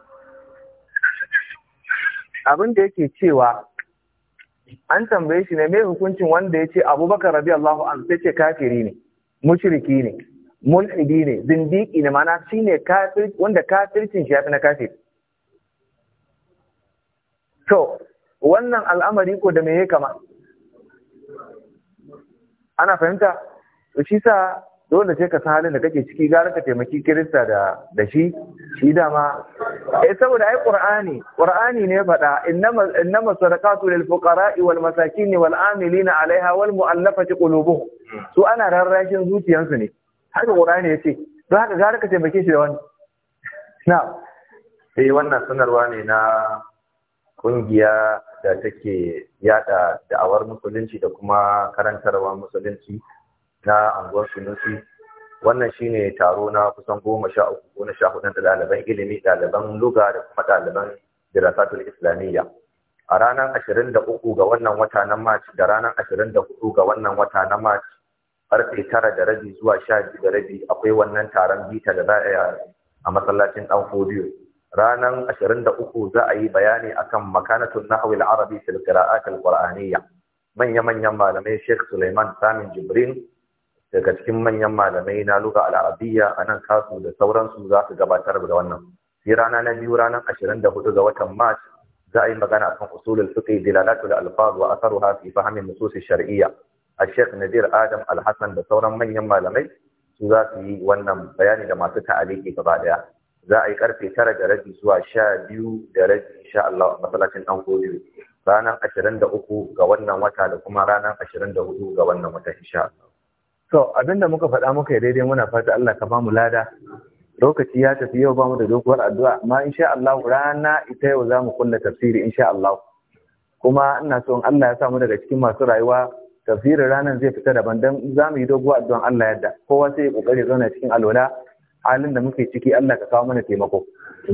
abin da yake cewa an tambaye shi ne mai hukuncin wanda ya ce abubakar Allahu an sai ce kafiri ne mushriki ne mulhidi ne zindiki ne mana shine kafir wanda kafircin shi ya fi na kafir. to wannan al'amari ko da me ya kama ana fahimta shi sa dole sai ka sa halin da kake ciki gara ka taimaki kirista da da shi shi dama eh saboda ai qur'ani qur'ani ne faɗa innama innama sadaqatu lil fuqara'i wal masakin wal amilina 'alaiha wal mu'allafati qulubuhum hmm. su ana rarrashin zuciyansu ne haka qur'ani yace don haka gara ka taimake shi da wani na sai eh, wannan sanarwa ne na ƙungiya da take yada da'awar musulunci da kuma karantarwa musulunci na anguwar sunusi wannan shine taro na kusan goma sha uku ko na sha hudu da ɗaliban ilimi ɗaliban luga da kuma ɗaliban dirasatul islamiyya a ranar ashirin da uku ga wannan wata na march da ranar ashirin da hudu ga wannan wata na march karfe tara da rabi zuwa sha biyu da rabi akwai wannan taron bita da za a yi a masallacin dan fodiyo ranar ashirin da uku za a yi bayani akan makanatun nahwi al-arabi fil qira'at al-qur'aniyya manya-manyan malamai Sheikh Suleiman Samin Jibrin daga cikin manyan malamai na luga al'arabiyya a nan kasu da sauransu za su gabatar da wannan sai rana na biyu ranar ashirin da hudu ga watan march za a yi magana kan usulul fiqh dilalatul alfaz wa atharuha fi fahmin nusus shar'iyya a sheikh nadir adam alhassan da sauran manyan malamai su za su yi wannan bayani da masu ta'aliki gaba daya za a yi karfe tara da rabi zuwa sha biyu da rabi insha Allah a masallacin dan godiyo ranar ashirin da uku ga wannan wata da kuma ranar ashirin da hudu ga wannan wata insha Allah Abin da muka faɗa muka yi daidai muna fata Allah ka bamu lada lokaci ya tafi yau mu da doguwar addu'a amma insha Allah rana ita yau za mu kulla tafsiri insha Allah kuma ina so in Allah ya samu daga cikin masu rayuwa tafsirin ranar zai fita daban dan za mu yi doguwar addu'an Allah yadda kowa sai ya kokari zauna cikin alwala halin da muke ciki Allah ka kawo mana taimako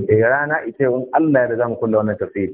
eh rana ita yau in Allah ya da za mu kulla wannan tafsiri